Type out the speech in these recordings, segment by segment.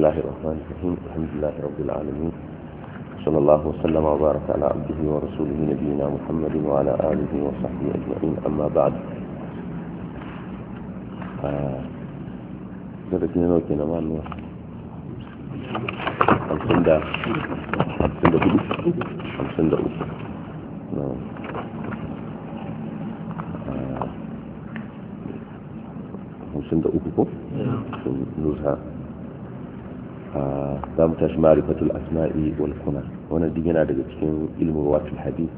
الله الرحمن الرحيم الحمد لله رب العالمين صلى الله وسلم وبارك على عبده ورسوله نبينا محمد وعلى آله وصحبه أجمعين أما بعد درس ما za mu tashi ma'arifatul asma'i wal kuna wannan duk yana daga cikin ilmin ruwatul hadith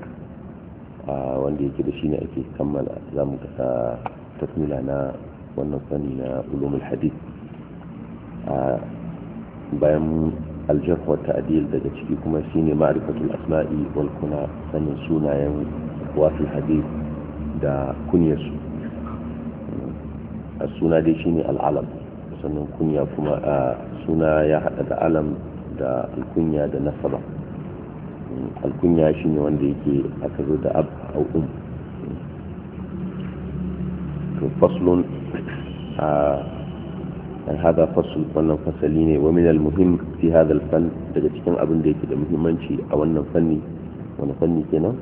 wanda yake da shi ne ake kammala za mu kasa tasmila na wannan fanni na ulumul hadith bayan aljarh ta ta'dil daga ciki kuma shine ma'rifatul asma'i wal kuna sanin sunayen wasul hadith da kunyarsu a suna dai ne al'alam sannan kunya kuma a suna ya hada da alam da alkunya da nasaba alkunya shine wanda yake aka zo da ab a um to faslun a an hada fasul wannan fasali ne wa min almuhim fi hada alfan daga cikin abin da yake da muhimmanci a wannan fanni wani fanni kenan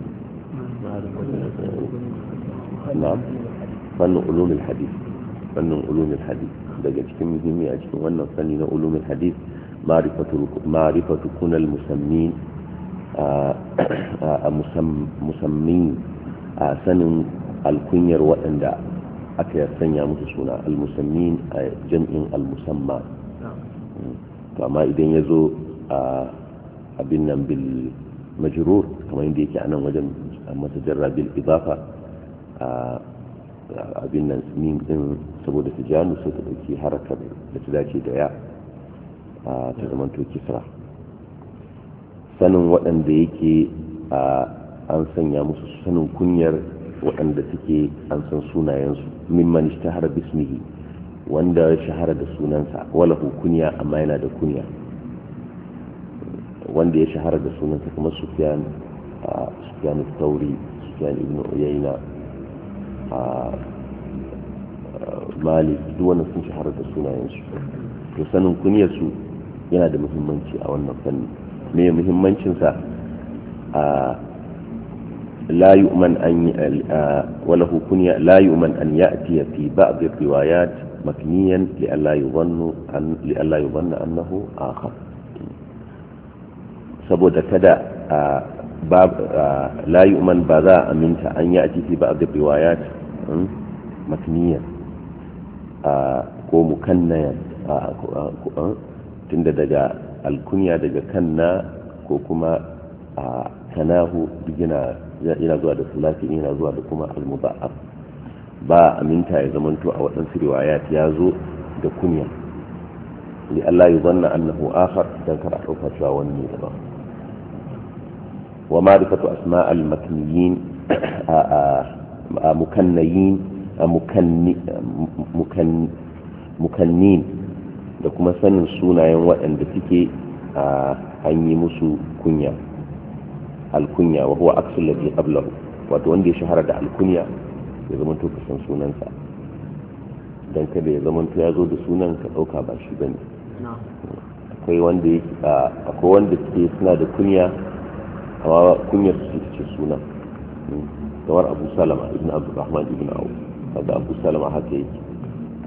na'am fannin ulumul hadith fannin ulumul hadith daga cikin muhimmi a cikin wannan fanni na ulumul hadith ma'rifatu kunal musammin a musammin a sanin alkunyar waɗanda aka sanya musu suna almusammin a jam'in almusamma to amma idan ya zo a abin nan bil majrur kamar yadda yake a nan wajen masu jarra bil idafa abin nan sunin din saboda su janu sai ta dauki harakar da ta dace da ya ta zamanto kisra sanin waɗanda yake an sanya musu sanin kunyar waɗanda suke an san sunayensu mimman har bismihi wanda ya shahara da sunansa wala kunya amma yana da kunya wanda ya shahara da sunansa kamar sufyan sufyan tauri sufyan ibn uyayna mali duk wannan sun shahara da sunayensu to sanin kuniyarsu yana da muhimmanci a wannan fanni me muhimmancinsa a la yu'man an walahu kunya la yu'man an ya'ti fi ba'd riwayat makniyan wannan an li alla yuzanna annahu saboda kada la yu'man ba za a aminta an ya'ti fi ba'd riwayat matniyan ko mukannayan tunda daga alkunya daga kanna ko kuma a kanahu yana zuwa da sulafi yana zuwa da kuma almuba'af ba aminta ya zamanto a waɗansu riwayat ya zo da kunya li Allah banna zanna annahu akhar dan kar a dauka cewa wani ne daban wa ma'rifatu asma' al-matniyin a mukannayin mukannin da kuma sanin sunayen waɗanda suke a hanyi musu kunya alkunya wa huwa aksul ladhi qablahu wato wanda ya shahara da alkunya ya zama to kasan sunansa don kada ya zama to ya zo da sunan ka ɗauka ba shi ba ne akwai wanda suke suna da kunya amma kunyar su ce sunan hmm. kamar abu salama ibn abdurrahman ibn awu kaga abu salama haka yake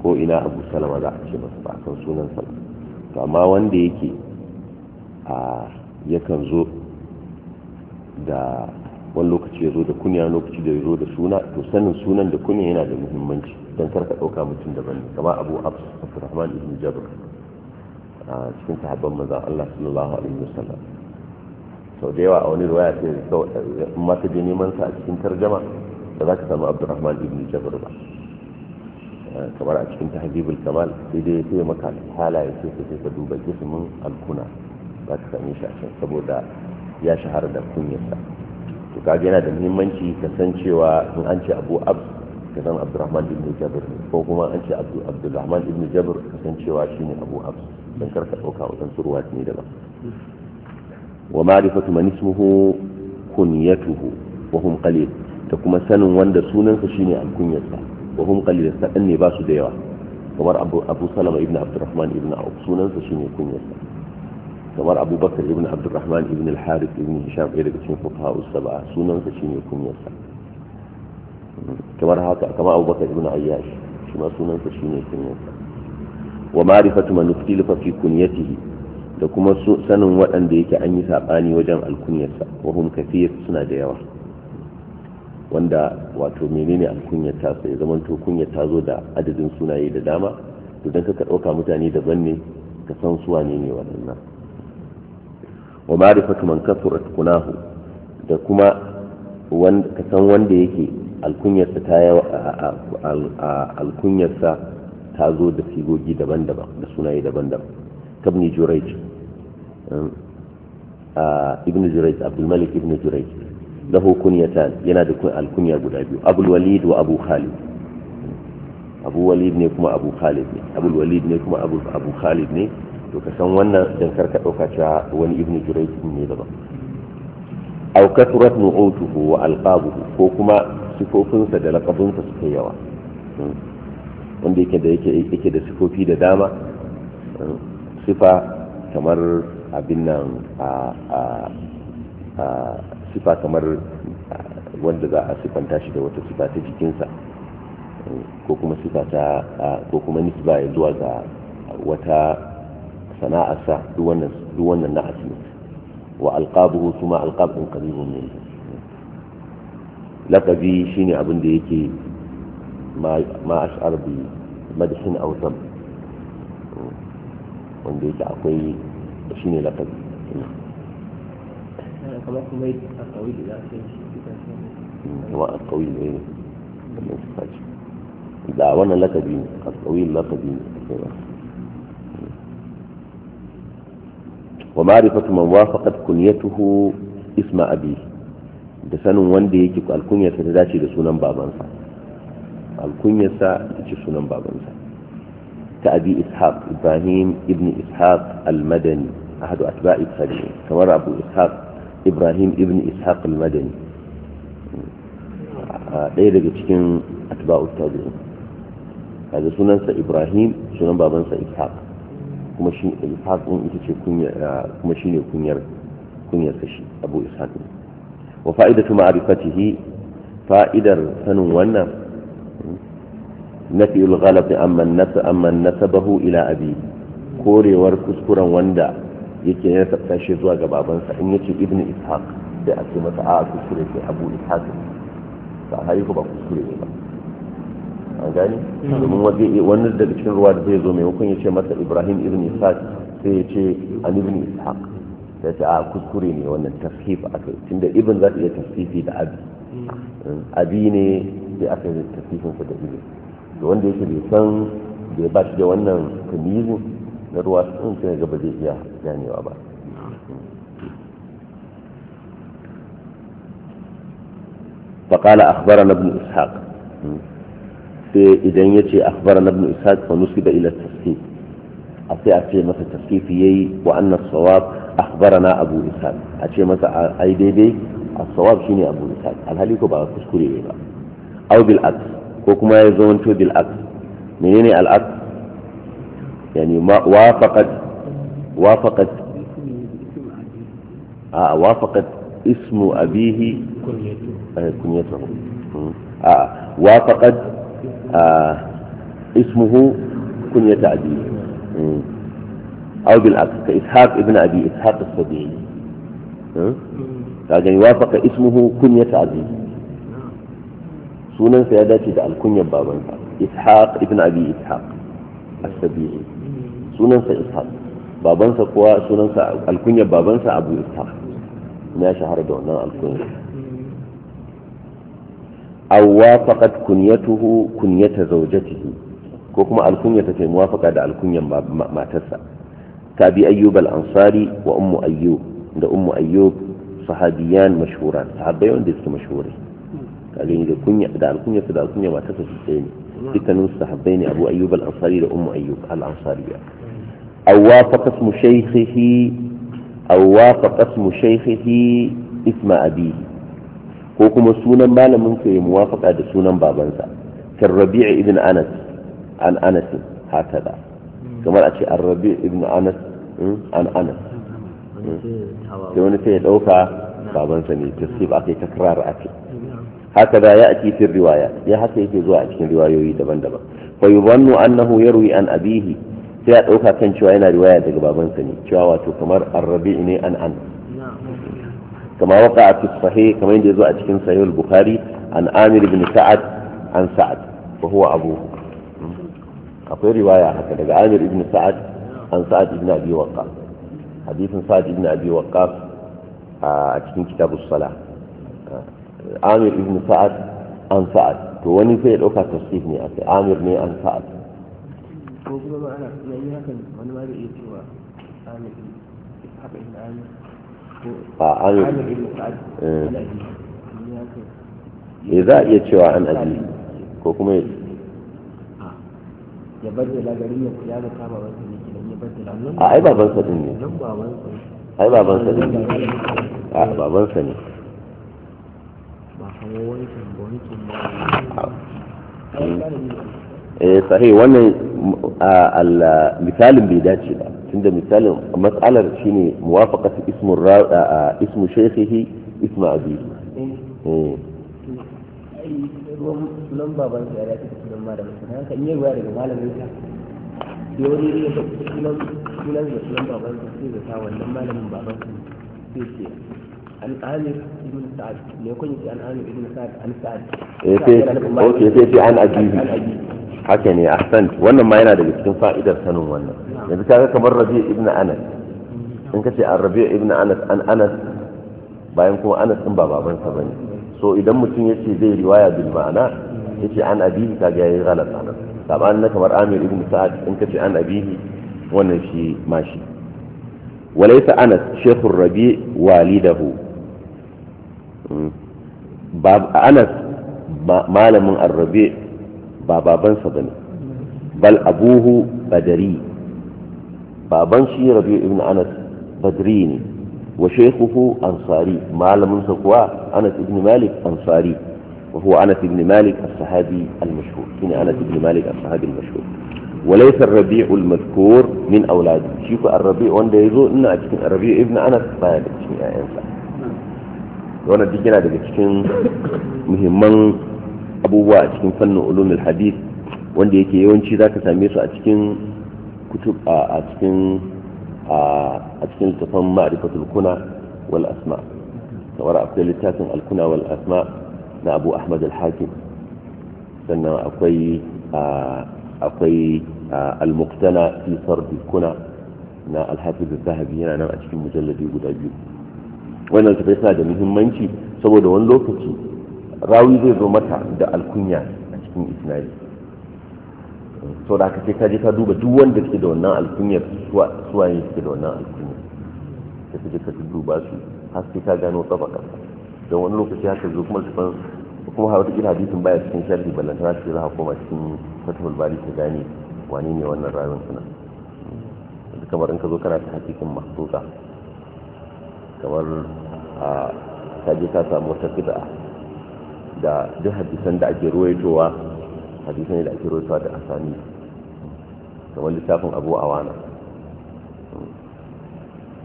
ko ina abu salama za a ce masa ba san sunan sa to amma wanda yake a yakan zo da wani lokaci ya zo da kunya lokaci da ya zo da suna to sanin sunan da kunya yana da muhimmanci don karka ɗauka mutum daban kama abu abdurrahman ibn jabir a cikin sahabban manzan Allah sallallahu alaihi wasallam sau da yawa a wani ruwaya ce masu je neman sa a cikin tarjama da za ka samu abdurrahman ibn jabir ba eh, kamar a cikin tahzibul kamal sai dai sai maka halaye sai ka sai ka duba jismin alkuna za ka sami shi a can saboda ya shahara da kunyarsa to kaga yana da muhimmanci ka san cewa in an ce abu ab ka san abdurrahman ibn jabir ko kuma an ce abdurrahman ibn jabir ka san cewa shine abu ab dan karka dauka wajen surwa ne daban ومعرفة من اسمه كنيته وهم قليل تكما سن وند سنن فشيني عن كنيته وهم قليل سأني باسو ديوا كمر أبو, أبو سلمة ابن عبد الرحمن ابن عوف سنن فشيني كنيته كمر أبو بكر ابن عبد الرحمن ابن الحارث ابن هشام غير كتشين فقهاء السبعة سنن فشيني كنيته كمر هكا كما أبو بكر ابن عياش شما سنن فشيني كنيته ومعرفة من اختلف في كنيته da kuma sanin waɗanda yake an yi saɓani wajen alkunyarsa wahum kafiyar suna da yawa wanda wato menene alkunyar ta sai zaman to kunyar ta zo da adadin sunaye da dama to dan kaka ɗauka mutane daban ne ka san su wane ne waɗannan wa ma'rifatu man kasurat kunahu da kuma ka san wanda yake alkunyarsa ta yawa alkunyarsa ta zo da sigogi daban-daban da sunaye daban-daban kabni jurayj ibn jurayj abdul malik ibn jurayj lahu yana da alkunya guda biyu abul walid wa abu khalid abu walid ne kuma abu khalid ne abul walid ne kuma abu abu khalid ne to ka san wannan dan karka dauka wani ibn jurayj ne daban aw kathurat nu'utuhu wa alqabuhu ko kuma sifofinsa da laqabunsa suka yawa wanda yake da yake yake da sifofi da dama sifa kamar abin nan a sifa kamar wanda za a sifanta shi da wata sifa ta jikinsa ko kuma sifa ta ko kuma nisba ya zuwa ga wata sana'arsa duk wannan na asini wa alqabuhu kuma alqabun ne lakabi shi ne abin da yake ma ash'ar bi madhin aw wanda yake akwai shi ne lafazi wa a kawai ne ne kamar su faci da wannan lakabi ne a kawai lakabi ne a kai ba ومعرفة من وافقت كنيته اسم أبيه da sanin wanda yake alkunyarsa ta dace da sunan babansa alkunyarsa ta ce sunan babansa كأبي إسحاق إبراهيم ابن إسحاق المدني أحد أتباع السبعين كما أبو إسحاق إبراهيم ابن إسحاق المدني ɗaya daga cikin atba'ut tabi'in kaga sunansa Ibrahim sunan babansa kuma shi Ishaq din ita ce kunya kuma shine kunyar kunyar Abu Ishaq wa fa'idatu ma'rifatihi fa'idar sanin wannan nafi ulghalati amman nasa amman nasabahu ila abi korewar kuskuren wanda yake ya sabta shi zuwa ga babansa in yace ibn ishaq sai a ce masa a kuskure sai abu ishaq ba hari ba kuskure ne ba an gani domin wani daga cikin ruwa da zai zo maimakon ya ce masa ibrahim ibn ishaq sai ya ce an ibn ishaq sai ce a kuskure ne wannan tafsif aka yi tunda ibn za su iya tafsifi da abi abi ne sai aka yi tafsifinsa da ibn da wanda yake bai san bai ba shi da wannan tumizin na ruwa sun sun ga ba zai iya ganewa ba faƙala akhbara na ibn ishaq idan ya ce akhbara na ibn fa nusi da ila tasfif a sai a ce masa tasfif yayi wa annas sawab akhbarana abu ishaq a ce masa ai daidai a sawab shine abu ishaq alhali ko ba kuskure ba au bil ko kuma ya zamanto bil aks menene al aks yani wafaqat wafaqat a wafaqat ismu abihi kunyatuhu eh, hmm. a wafaqat ismuhu kunyata abihi أو بالعكس كإسحاق ابن أبي إسحاق السبيعي كأن وافق اسمه كنية sunansa ya dace da alkunyar babansa ishaq ibn abi ishaq as-sabi'i sunansa ishaq babansa kuwa sunansa alkunyar babansa abu ishaq na shahara da wannan alkunyar aw wafaqat kunyatuhu kunyata zawjatihi ko kuma alkunyata ta muwafaqa da alkunyar matarsa ta bi ayyub al-ansari wa ummu ayyub da ummu ayyub sahabiyan mashhuran sahabbai wanda suke mashhurai kagani da kunya da alkunya da alkunya ba ta su tsaye ne dukkanin su sahabbai ne abu ayyub al-ansari da ummu ayyub al-ansariya aw wafaqa ismu shaykhihi aw wafaqa ismu shaykhihi isma abihi ko kuma sunan malamin sa ya muwafaqa da sunan babansa kan rabi'i ibn anas an anas hakada kamar a ce ar-rabi' ibn anas hmm, an anas hmm. sai wani sai ya dauka babansa ne ba akai takrar akai haka da ya ake fin riwaya ya haka yake zuwa a cikin riwayoyi daban-daban fa yubannu annahu yarwi an abihi sai a ɗauka kan cewa yana riwaya daga babansa ne cewa wato kamar arrabi ne an an kama waka a tisfahe kamar yadda ya zo a cikin sahihul bukhari an amir bin sa'ad an sa'ad fa huwa akwai riwaya haka daga amir ibn sa'ad an sa'ad ibn abi waqqas sa'ad ibn a cikin kitabu salah amir ibn sa'ad an sa'ad to wani sai ya ɗauka tasrif ne a sai amir ne an sa'ad ko kuma ba ana hakan wani ma ya baddala ya wani ne kidan ya bar a ai babansa ai babansa din ne a babansa ne eh sahi wannan misalin bai dace ba tunda misalin matsalar shine muwafaqatu ismu ismu shaykhihi ismu abi eh sunan baban sa ya dace sunan malamin sa in yi ruwa daga malamin sa sai wani ne sunan sunan da sunan baban sa sai da wannan malamin baban sa sai ce an amir ibn sa'ad ne yi an amir ibn sa'ad an sa'ad sai an ajibi haka ne ahsan wannan ma yana daga cikin fa'idar sanin wannan yanzu kaga kamar rabi ibn anas in kace an rabi ibn anas an anas bayan kuma anas din ba babansa bane so idan mutum yace zai riwaya bil ma'ana yace an abihi kaga yayi galata nan na kamar amir ibn sa'ad in kace an abihi wannan shi mashi وليس أنس شيخ الربيع والده باب أنس مال من الربيع بابا بن صدني بل أبوه بدري بابا شي ربيع ابن أنس بدريني وشيخه أنصاري مالم من سقوا أنس ابن مالك أنصاري وهو أنس ابن مالك الصحابي المشهور هنا أنس ابن مالك الصحابي المشهور وليس الربيع المذكور من أولاده شوف الربيع وانده يزو إنا أتكين الربيع ابن أنس ما يدكشين يا إنسا وانا ديجينا دكشين مهمان أبوه أتكين فن علوم الحديث wanda yake yawanci za ka same su a cikin kutub a cikin a cikin littafin ma'rifatul kuna wal asma kamar akwai littafin alkuna wal asma na abu ahmad al sannan akwai akwai al-muqtana fi sarfi kuna na al-hafiz zahabi yana nan a cikin mujalladi guda biyu wannan tafai suna da muhimmanci saboda wani lokaci rawi zai zo mata da alkunya a cikin isnadi sau da aka ce ka je ka duba duk wanda suke da wannan alkunyar suwaye suke da wannan alkunyar ka je ka duba su har sai ka gano tsabaka don wani lokaci haka zo kuma tafan kuma hawa cikin hadisin baya cikin sharhi ta ce za koma cikin fatahul bari ta gane wani ne wannan rayuwar suna kamar in ka zo kana ta hakikin mahsusa kamar a kaje ka samu wata bid'a da duk hadisan da ake ruwaitowa hadisan da ake ruwaitowa da asani kamar littafin abu awana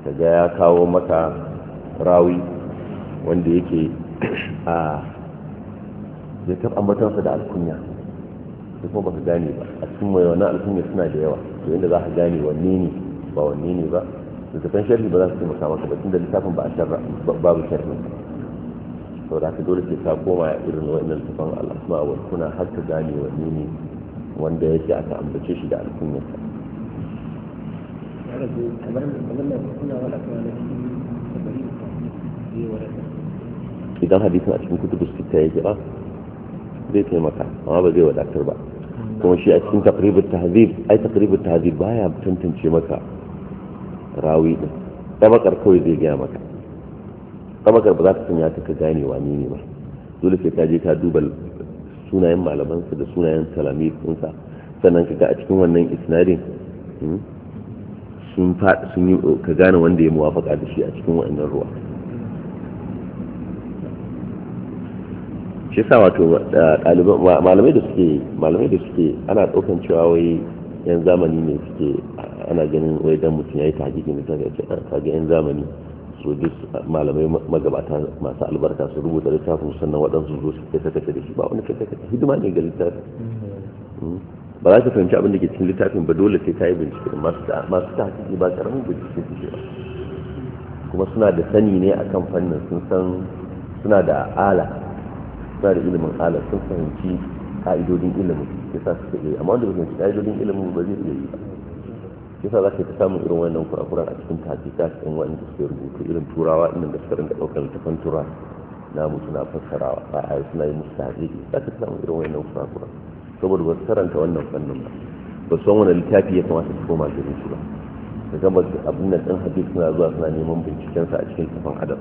kaga ya kawo maka rawi wanda yake a ya kan ambatansa da alkunya da kuma baka gane ba a cikin mai wani alkunya suna da yawa to inda za ka gane wanne ne ba wanne ne ba littafin sharhi ba za su taimaka maka ba tun da littafin ba a sharra babu sharhi to da ka dole sai ka koma irin wa'annan littafin al'asma wa kuna har ka gane wanne ne wanda yake aka ambace shi da alkunya idan hadisin a cikin kutubu sita ya jira zai taimaka amma ba zai wadatar ba kuma shi a cikin takribul tahzib ai takribul tahzib baya tantance maka rawi din tabakar kawai zai gaya maka tabakar ba za ta sanya ta ka gane wani ne ba dole sai ka je ka duba sunayen malamansa da sunayen salami ɗinsa sannan ka ga a cikin wannan isnadin hmm, sun sun yi ka gane wanda ya muwafaka da shi a cikin wannan ruwa shi sa wato malamai da suke malamai da suke ana ɗaukan cewa wai yan zamani ne suke ana ganin wai dan mutum ya yi tahajjudi ne sai ce ka ga yan zamani su duk malamai magabata masu albarka su rubuta littafin sannan waɗansu zo su kai sakata da shi ba wani sakata hidima ne ga littafin hmm. ba za ka fahimci abin da ke cikin littafin ba dole sai ta yi bincike masu tahajjudi ba karamin bincike suke ba kuma suna da sani ne akan fannin sun san suna da ala ba da ilimin halar sun fahimci ka'idodin ilimin ya sa suka iya amma wanda ba fahimci ka'idodin ilimin ba zai iya yi ba ya sa za ka ta samun irin wannan kurakuran a cikin tafiya cikin wani da suke rubutu irin turawa inda da suka rinka ɗaukar littafin tura namu suna fassarawa ba a suna yi musu tahajiri za ka samu irin wannan kurakuran saboda ba su karanta wannan fannin ba ba su san wani littafi ya kamata su koma gare su ba da gaba abin da ɗan hadis suna zuwa suna neman bincikensa a cikin tafan adam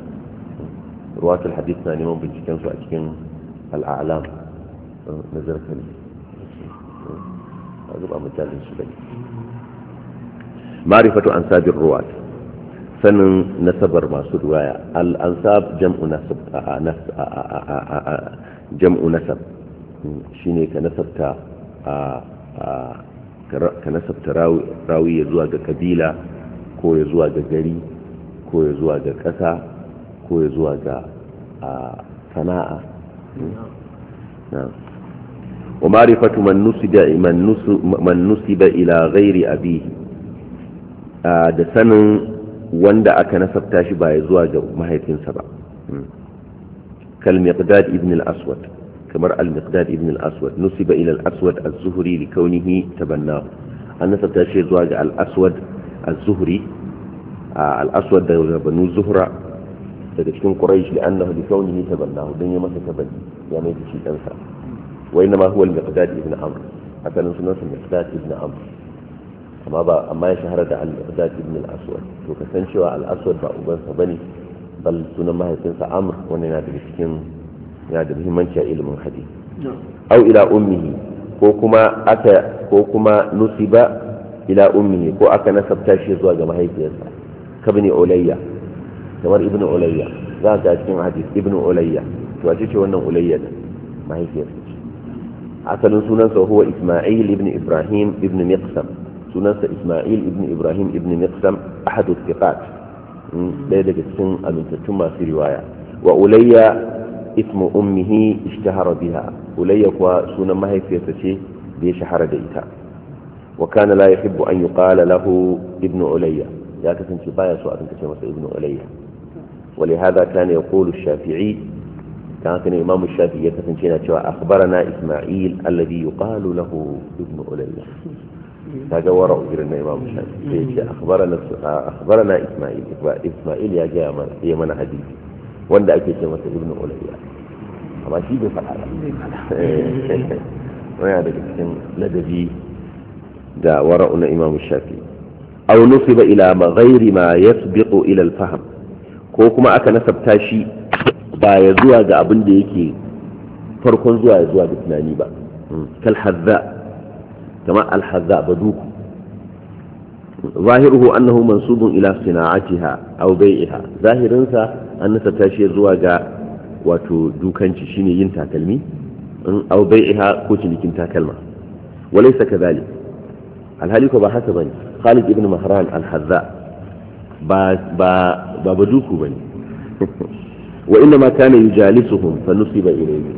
ruwatul hadith suna neman bincikensu a cikin al'alam na zarkani a zuba misalin su bane marifatu an sabin ruwa sanin nasabar masu ruwaya al'ansab jam'u nasab shi ne ka nasabta ka nasabta rawi ya zuwa ga kabila ko ya zuwa ga gari ko ya zuwa ga ƙasa ko ya zuwa ga sana'a wa ma'rifatu man da sanin wanda aka nasabta shi ba ya zuwa ga mahaifinsa ba kal miqdad ibn al kamar al-miqdad ibn al-aswad nusiba ila al-aswad az-zuhri li kaunihi tabannahu an nasabta shi zuwa ga da daga cikin quraish da annahu bi kaunihi tabannahu dan ya masa tabanni ya mai shi dan sa wa inma huwa al-miqdad ibn amr asalin sunan sa miqdad ibn amr amma ba amma ya shahara da al-miqdad ibn al-aswad to kasancewa al-aswad ba uban sa bane bal sunan mahaifinsa amr wani yana daga cikin yana da muhimmanci a ilimin hadisi au ila ummihi ko kuma aka ko kuma nusiba ila ummihi ko aka nasabta shi zuwa ga mahaifiyarsa kabni ulayya kamar ibn ulayya za ka cikin hadis ibn ulayya to a cikin wannan ulayya ne mahaifiyar asalin sunansa huwa isma'il ibn ibrahim ibn miqsam sunansa isma'il ibn ibrahim ibn miqsam ahadu thiqat hmm, ɗaya daga cikin amintattun masu riwaya wa ulayya ismu ummihi ishtahara biha ulayya kuwa sunan mahaifiyarsa ce da ya shahara da ita wa kana la yuhibbu an yuqala lahu ibn ulayya ya kasance baya so a rinka ce masa ibn ulayya ولهذا كان يقول الشافعي كان الإمام الشافعي يكفن شوى أخبرنا إسماعيل الذي يقال له ابن أولي هذا وراء جرنا الإمام الشافعي أخبرنا, أخبرنا إسماعيل إسماعيل يا جامل هي من حديث وانت أكي شمس ابن أولي أما شيء بفعل ويا ذلك لدي دا وراءنا إمام الشافعي أو نصب إلى غير ما يسبق إلى الفهم ko kuma aka nasabta shi ba ya zuwa ga abin da yake farkon zuwa ya zuwa ga tunani ba hmm. kal hazza kama al hazza duku. zahiruhu annahu mansubun ila sina'atiha aw bai'iha zahirin sa an nasabta shi zuwa ga wato dukanci shine yin takalmi hmm, aw bai'iha ko cinikin takalma walaysa kadhalik alhali ko ba haka bane Khalid ibn Mahran al-Hazza ba ba ba ba duku ba ne wa inda ma kana yi jalisuhun fa nusiba ilayhi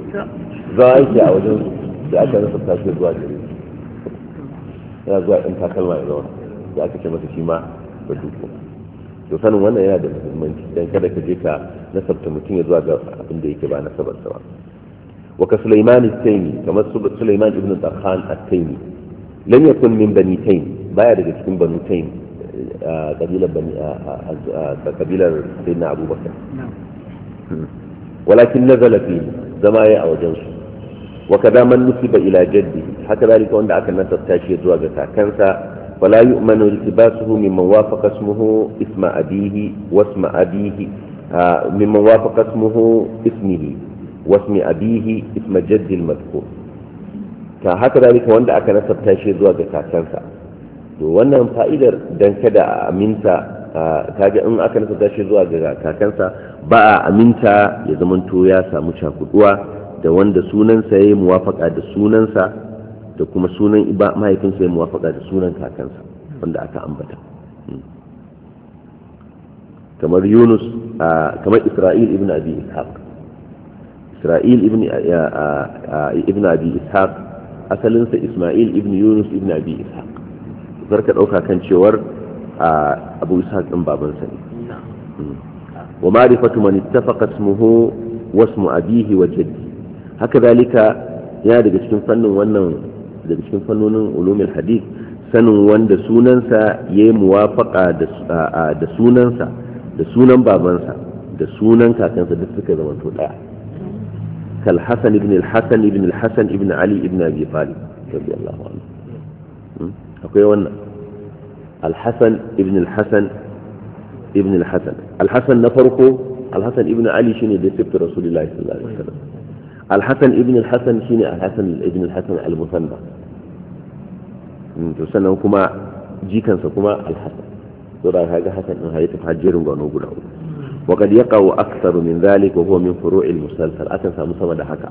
za a yi a wajen da aka rasa tashi zuwa gare ya zuwa ɗan takalma ya zama da aka ce masa shi ma ba duku to sanin wannan yana da muhimmanci dan kada ka je ka nasabta mutum ya zuwa ga abin da yake ba nasabar sa ba wa ka Sulaiman al-Taymi kamar Sulaiman ibn Tarhan al-Taymi lam yakun min bani Taym baya daga cikin banu Taym kabilar bani kabilar sayyidina abubakar walakin nazala zama yayi a wajensu su ila jaddi haka zalika wanda aka nasabta shi zuwa ga kakansa wala yu'manu iltibasuhu mimman wafaqa ismuhu isma abihi wa abihi mimman wafaqa ismuhu ismihi wa abihi isma jaddi ka haka zalika wanda aka nasabta shi zuwa ga kakansa to wannan fa'idar don kada a aminta kaga in aka nasa shi zuwa ga kakansa ba a aminta ya zamanto ya samu cakuduwa da wanda sunansa ya yi muwafaka da sunansa da kuma sunan mahaifinsa ya muwafaka da sunan kakansa wanda aka ambata hmm. kamar yunus kamar isra'il ibn abi ishaq isra'il ibn abi ishaq asalinsa isma'il ibn yunus ibn abi ishaq zarka ɗauka kan cewar abu isa ɗin babansa ne wa ma'rifatu man ittafaqa ismuhu wa ismu abihi wa jaddi haka zalika yana daga cikin fannin wannan daga cikin fannonin ulumul hadith sanin wanda sunansa yayi muwafaqa da sunansa da sunan babansa da sunan kakansa duk suka zama to daya kal hasan ibn al hasan ibn al hasan ibn ali ibn abi talib radiyallahu anhu akwai wannan alhassan ibn alhassan ibn alhassan alhassan na farko alhassan ibn ali shine da sifta rasulullahi sallallahu alaihi wasallam alhassan ibn alhassan shine alhassan ibn alhassan al-musanna hmm, to sannan kuma jikansa kuma alhassan to da kaga hasan din hayi tafi hajjerin guda uku wa qad yaqa'u aktharu min dhalik wa huwa min furu'il musalsal akan samu sama da haka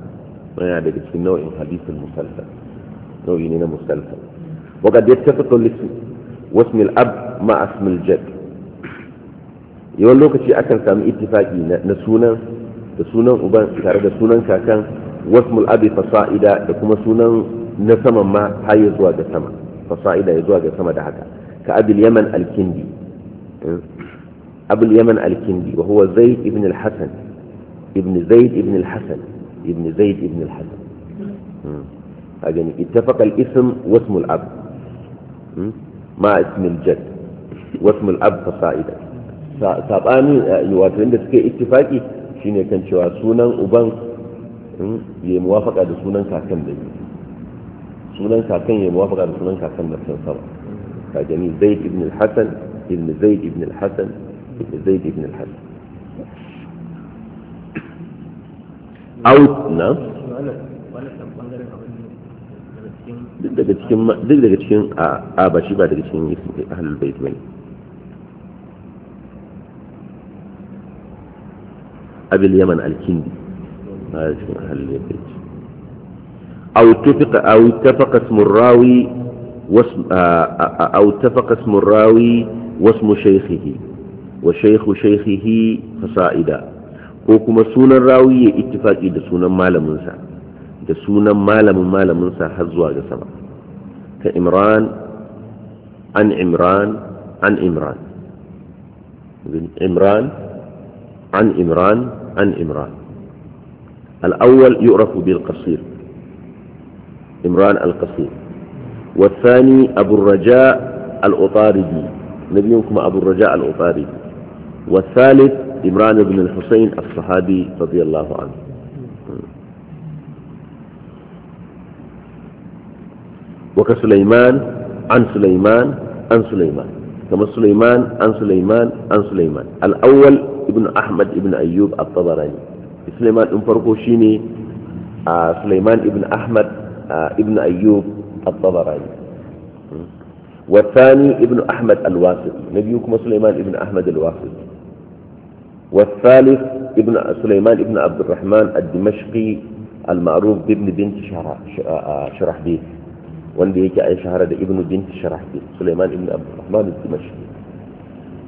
yana daga cikin nau'in na وقد يتفق الاسم واسم الاب مع اسم الجد يقول لك شي اكن سامي اتفاقي نسونا نسونا وبا تارد نسونا كان واسم الاب فصائدا لكما سونا نسما ما هاي زواج السما فصائدا يزواج السما ده حكا كأب اليمن الكندي أبو اليمن الكندي وهو زيد ابن الحسن ابن زيد ابن الحسن ابن زيد ابن الحسن أجل يعني اتفق الاسم واسم الأب ما اسم الجد واسم الاب فائده سابعني يواتر آه، عند سكي اتفاقي شيني كان شوى سونان وبان يموافق على سونان كاكن بي سونان كاكن يموافق على سونان كاكن نفسه سبع فجميع زيد ابن الحسن ابن زيد ابن الحسن ابن زيد ابن الحسن أو نعم duk daga cikin duk daga cikin a ba shi ba daga cikin ahlul bait bane abil yaman al-kindi ba cikin ahlul bait aw tufiqa aw tafaqa ismu rawi aw tafaqa ismu wa shaykhu shaykhihi fasa'ida ko kuma sunan rawi ya ittifaqi da sunan malaminsa. da sunan malamin malaminsa har zuwa ga sama ka imran an imran an imran imran an imran an imran الأول يعرف بالقصير إمران القصير والثاني أبو الرجاء الأطاردي نبيكم أبو الرجاء الأطاردي والثالث إمران بن الحسين الصحابي رضي الله عنه وكسليمان عن سليمان عن سليمان كما سليمان عن سليمان عن سليمان الأول ابن أحمد ابن أيوب الطبراني سليمان ابن فرقوشيني آه، سليمان ابن أحمد آه، ابن أيوب الطبراني والثاني ابن أحمد الواسط نبيكم سليمان ابن أحمد الواسط والثالث ابن سليمان ابن عبد الرحمن الدمشقي المعروف بابن بنت آه، شرحبيل wanda yake a shahara da ibnu binti sharahbi suleiman ibn abdurrahman al-dimashqi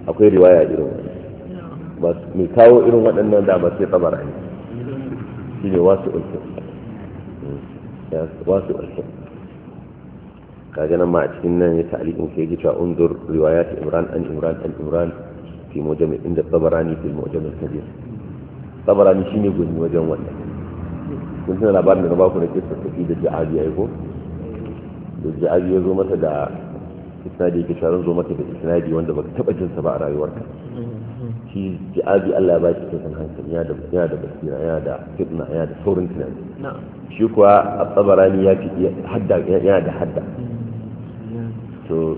akwai riwaya irin wannan mai kawo irin waɗannan da ba sai tabara ne shi ne wasu ulfin wasu ulfin kaga nan ma a cikin nan ya ta'liqin sai ya cewa undur riwayat imran an imran an imran fi mujam inda tabarani fi mujam al-kabir tabarani ne gumi wajen wannan kun tana labarin da ba ku na kisa da jihadi ai ko da ja'abi ya zo mata da isnadi yake sharon zo mata da isnadi wanda baka taba jinsa ba a rayuwarka shi ja'abi Allah ya ba shi kasan hankali ya da basira ya da fitna ya da saurin tunani shi kuwa a tsabarani ya fi hadda yana da hadda to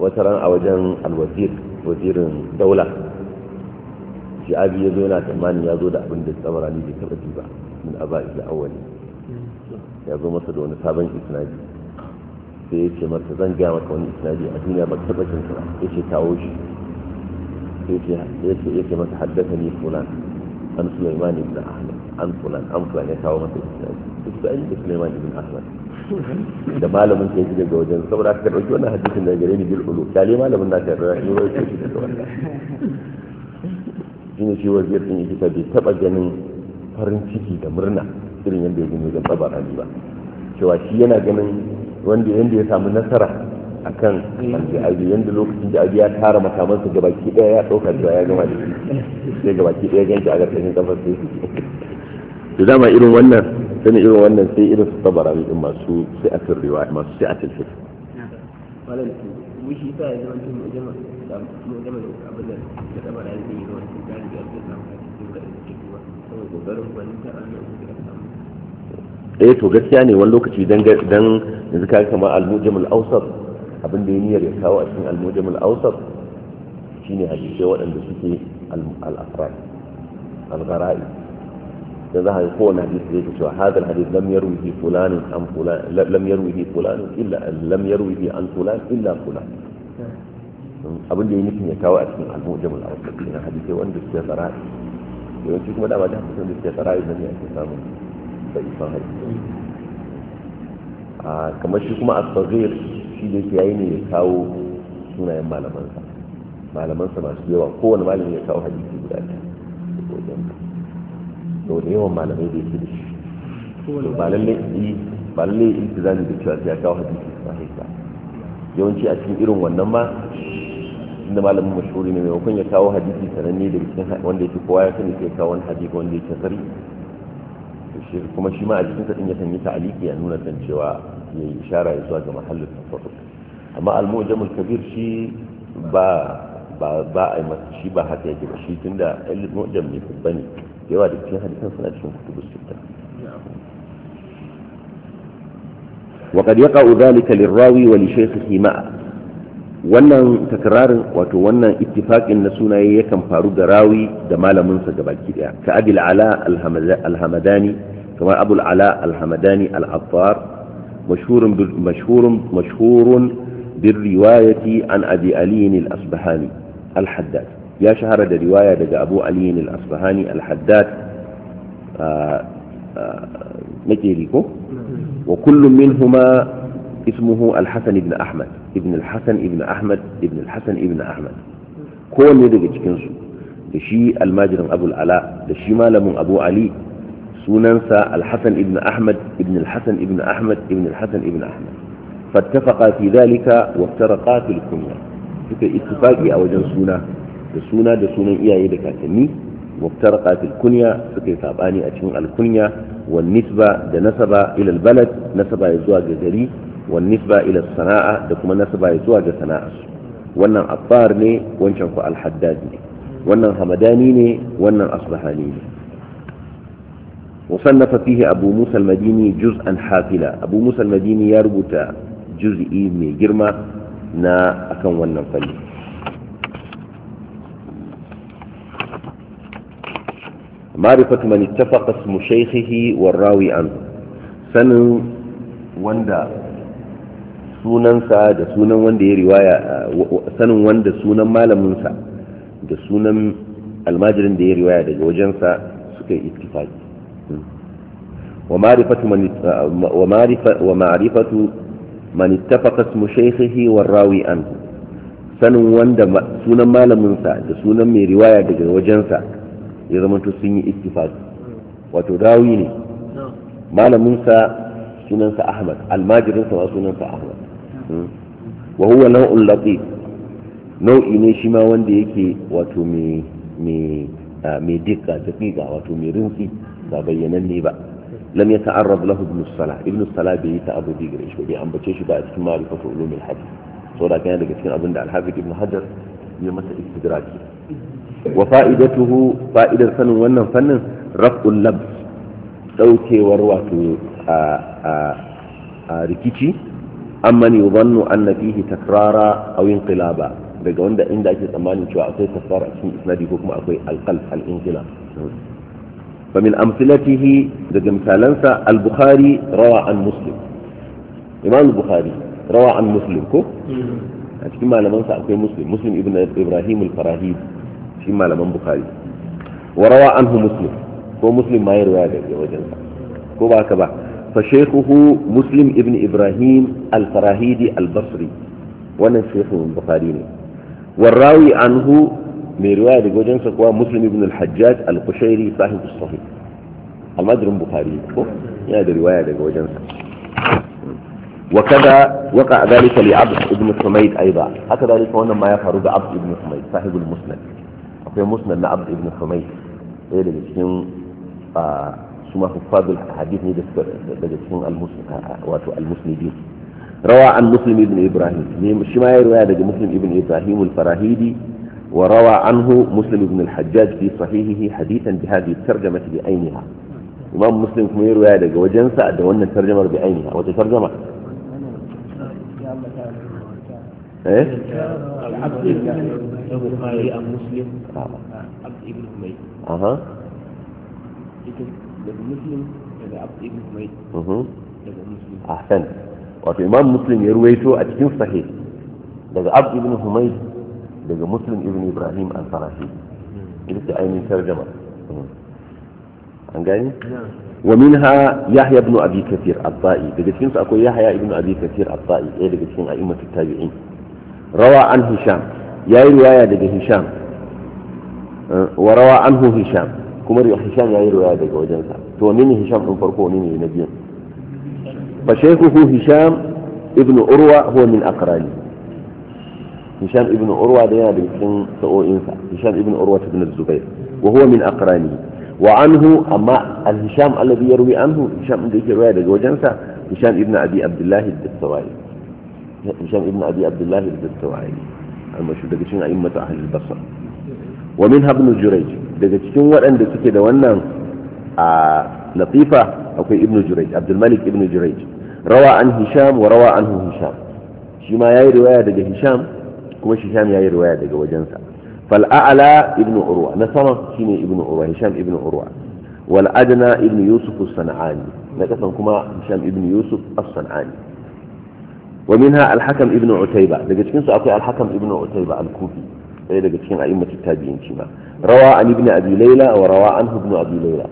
wata ran a wajen alwazir wazirin daula ja'abi ya zo yana tsammani ya zo da abin da tsabarani bai taba ji ba min aba'i da awali ya zo masa da wani sabon isnadi sai ya ce masa zan gaya maka wani isnadi a duniya ba taɓa jin sa ya ce kawo shi ya ce masa haddasa ni fulan an Suleiman ibn ahmad an fulan an fulan ya kawo masa isnadi duk da da Suleiman ibn ahmad da malamin ke daga wajen saboda aka ɗauki wannan hadisin da gare ni bil ulu kale malamin na karɓa ni wai ko shi daga wannan shine shi wazir yi yake bai taɓa ganin farin ciki da murna irin yadda ya gani ba cewa shi yana ganin wanda yadda ya samu nasara a kan aljihabi yadda lokacin jihabi ya tara makamansa gabaki daya ya ɗauka cewa ya gama da shi sai gabaki daya ganci a ƙarƙashin kafar sai da dama irin wannan sani irin wannan sai irin su rami ɗin masu sai a turrewa masu sai a tilfil eh to gaskiya ne wani lokaci dan dan yanzu ka kama al-mujamul awsat abin da ya niyyar ya kawo a cikin al-mujamul shi ne hadisai waɗanda suke al-afrad al-ghara'i dan za ka kowane hadisi zai ce cewa hadal hadis lam yarwihi fulan an fulan lam yarwihi an fulani illa fulan abin da ya nufin ya kawo a cikin al-mujamul shi ne hadisi wanda suke ghara'i yawanci kuma dama da hadisin da suke ghara'i ne ake samu bai a kamar shi kuma asfazir shi da yake yayi ne ya kawo sunayen malamansa malamansa masu yawa kowane malami ya kawo hadisi guda ta da wani yawan malamai da yake da shi ba lallai ba lallai iltizami da cewa ya kawo hadisi sahih ba yawanci a cikin irin wannan ba inda malamin mashhuri ne maimakon ya kawo hadisi sananne da cikin wanda yake kowa ya sani sai kawo wani hadisi wanda ke sarri kuma shi ma a cikin sadin ya kan yi ta'aliki ya nuna kan cewa ya yi ishara ya zuwa ga mahallin tafarruq amma al-mu'jamul kabir shi ba ba ba a masa shi ba haka yake ba shi tunda al-mu'jam ne bane yawa da cikin hadisan suna cikin kutubus sita وقد يقع ذلك للراوي ولشيخه معه wannan takrarin wato wannan ittifaqin na sunaye yakan faru da rawi da malaminsa gabaki daya ka abil ala alhamadani kamar abul ala alhamadani al-affar mashhurun mashhurun mashhurun بالرواية عن أبي علي الأصبهاني الحداد يا شهر دا رواية دا أبو علي الأصبهاني الحداد wa لكم وكل منهما اسمه الحسن ibn أحمد ibn al-hasan ibn ahmad ibn al-hasan ibn ahmad kowanne daga cikinsu da shi almajirin abul ala da shi malamin abu ali sunansa al-hasan ibn ahmad ibn al-hasan ibn ahmad ibn al-hasan ibn ahmad fattafaqa fi dhalika wa taraqa fil kunya suka ittifaqi a wajen suna da suna da sunan iyaye da kakanni wa taraqa fil kunya suka sabani a cikin al-kunya wa nisba da nasaba ila al-balad nasaba zuwa ga gari wan nisba ila sana'a da kuma nasaba ya zuwa ga sana'a wannan affar ne wancan ku ne wannan hamadani ne wannan asbahani ne وصنف فيه أبو موسى المديني جزءا حافلا أبو موسى المديني يربط جزئي من جرمة نا أكون وننفلي معرفة من اتفق اسم شيخه والراوي عنه سن وندا sunansa da sunan wanda ya riwaya sanin wanda sunan malaminsa da sunan almajirin da ya riwaya daga wajensa suka yi ittifaki wa maarifatu man ittafaqa ismu shaykhihi war rawi anhu sanin wanda sunan malaminsa da sunan mai riwaya daga wajensa ya zama to sun yi ittifaki wato rawi ne malaminsa sunansa Ahmad almajirinsa ma sunansa Ahmad wahuwa nau'in nau'un nau'i ne shi ma wanda yake wato mai dika da daƙiƙa wato mai rinsi ba bayyanan ne ba lam ya ta'arrab lahu ibn salah ibn salah bai yi ta'abu bi gare shi bai ambace shi ba a cikin ma'rifatu ulumul hadith saboda kan daga cikin abin da al-hafiz ibn hajar ya masa istidraki wa fa'idatuhu fa'idar sanin wannan fannin raf'ul lab daukewar wato a rikici amman yuzannu anna fihi takrara a aw inqilaba daga wanda inda ake tsammanin cewa akwai tafsir a cikin isnadi ko kuma akwai alqalb al inqilab fa min amsalatihi daga misalansa al bukhari rawa an muslim imam al bukhari rawa an muslim ko mm-hmm. a cikin malamansa akwai muslim muslim ibn ibrahim al farahim shi malaman bukhari wa rawa anhu muslim ko muslim ma ya riwaya daga wajensa ko ba haka ba فشيخه مسلم ابن إبراهيم الفراهيدي البصري وانا من البخاري والراوي عنه من رواية جوجنس هو مسلم ابن الحجاج القشيري صاحب الصحيح المدرم بخاري يا دي رواية جوجنس وكذا وقع ذلك لعبد ابن حميد أيضا هكذا ذلك هنا ما يفعل بعبد ابن حميد صاحب المسند أخي مسند لعبد ابن حميد إيه لكن ثم حفاظ الحديث نجدهم المسندين روى عن مسلم ابن إبراهيم ما رواية لدى مسلم ابن إبراهيم الفراهيدي وروى عنه مسلم ابن الحجاج في صحيحه حديثا بهذه الترجمة بعينها إمام مسلم كما رواية لدى وجنسة دون الترجمة بأينها وتترجمة ايه آه. عبد ابن مسلم عبد ابن اها Mhm. wato imam muslim ya ruwaito a cikin sahih daga abu ibn humayd daga muslim ibn ibrahim al-farashi hmm. ita ce ainihin tarjama hmm. an gani wa minha yahya ibn abi kathir al-ba'i daga cikin su akwai yahya ibn abi kathir al-ba'i ɗaya daga cikin a'immatu tabi'in rawa an hisham yayi riwaya daga hisham eh, wa rawa an anhu hisham kuma hisham ya yi ruwaya daga wajensa to nini ne hisham ɗin farko wani ne na biyun fa shaykhuhu hisham ibnu urwa huwa min aqrani hisham ibnu urwa da yana da cikin sa'o'in sa hisham ibnu urwa ibn zubair wa huwa min aqrani wa anhu amma al-hisham alladhi yarwi anhu hisham da yake ruwaya daga wajensa hisham ibnu abi abdullah ad-dawai abdullah ابن أبي al mashhur daga cikin بشين ahli al-basra ومنها ابن جريج daga cikin waɗanda suke da wannan a latifa akwai ibnu jurayj abdulmalik ibnu jurayj rawa an hisham wa rawa anhu hisham shi ma yayi riwaya daga hisham kuma hisham yayi riwaya daga wajensa fal a'la ibnu urwa na sama shine ibnu urwa hisham ibnu urwa wal adna ibnu yusuf as-sanani na kasan kuma hisham ibnu yusuf as-sanani ومنها الحكم ابن عتيبة لقد كنت أقول الحكم ابن al-kufi? Daya daga cikin a'immatul tabi'in shi ma rawa an ibn abi laila wa rawa an ibn abi laila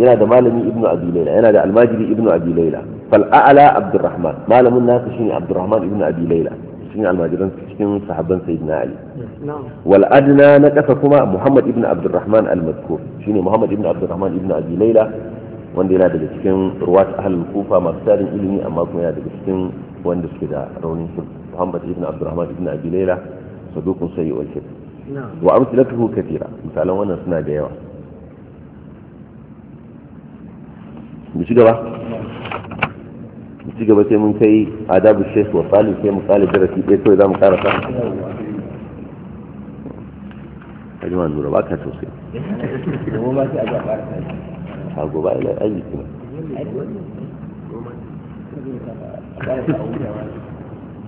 yana da malami ibn abi laila yana da almajiri ibn abi laila fal a'la abdurrahman malamin nasa shine abdurrahman ibn abi laila cikin almajiran cikin sahabban sayyidina ali wal adna na kasa kuma muhammad ibn abdurrahman al-madkur shine muhammad ibn abdurrahman ibn abi laila wanda yana daga cikin ruwat ahlul kufa masu tarin ilimi amma kuma yana daga cikin wanda suke da raunin shi muhammad ibn abdurrahman wa amsalatuhu kathira misalan wannan suna da yawa mu ci gaba mu ci gaba sai mun kai adabu shaykh wa salih sai mu kale darasi dai kawai zamu mu ƙara sa ajima nura ba ka sosai a ba ila aji kuma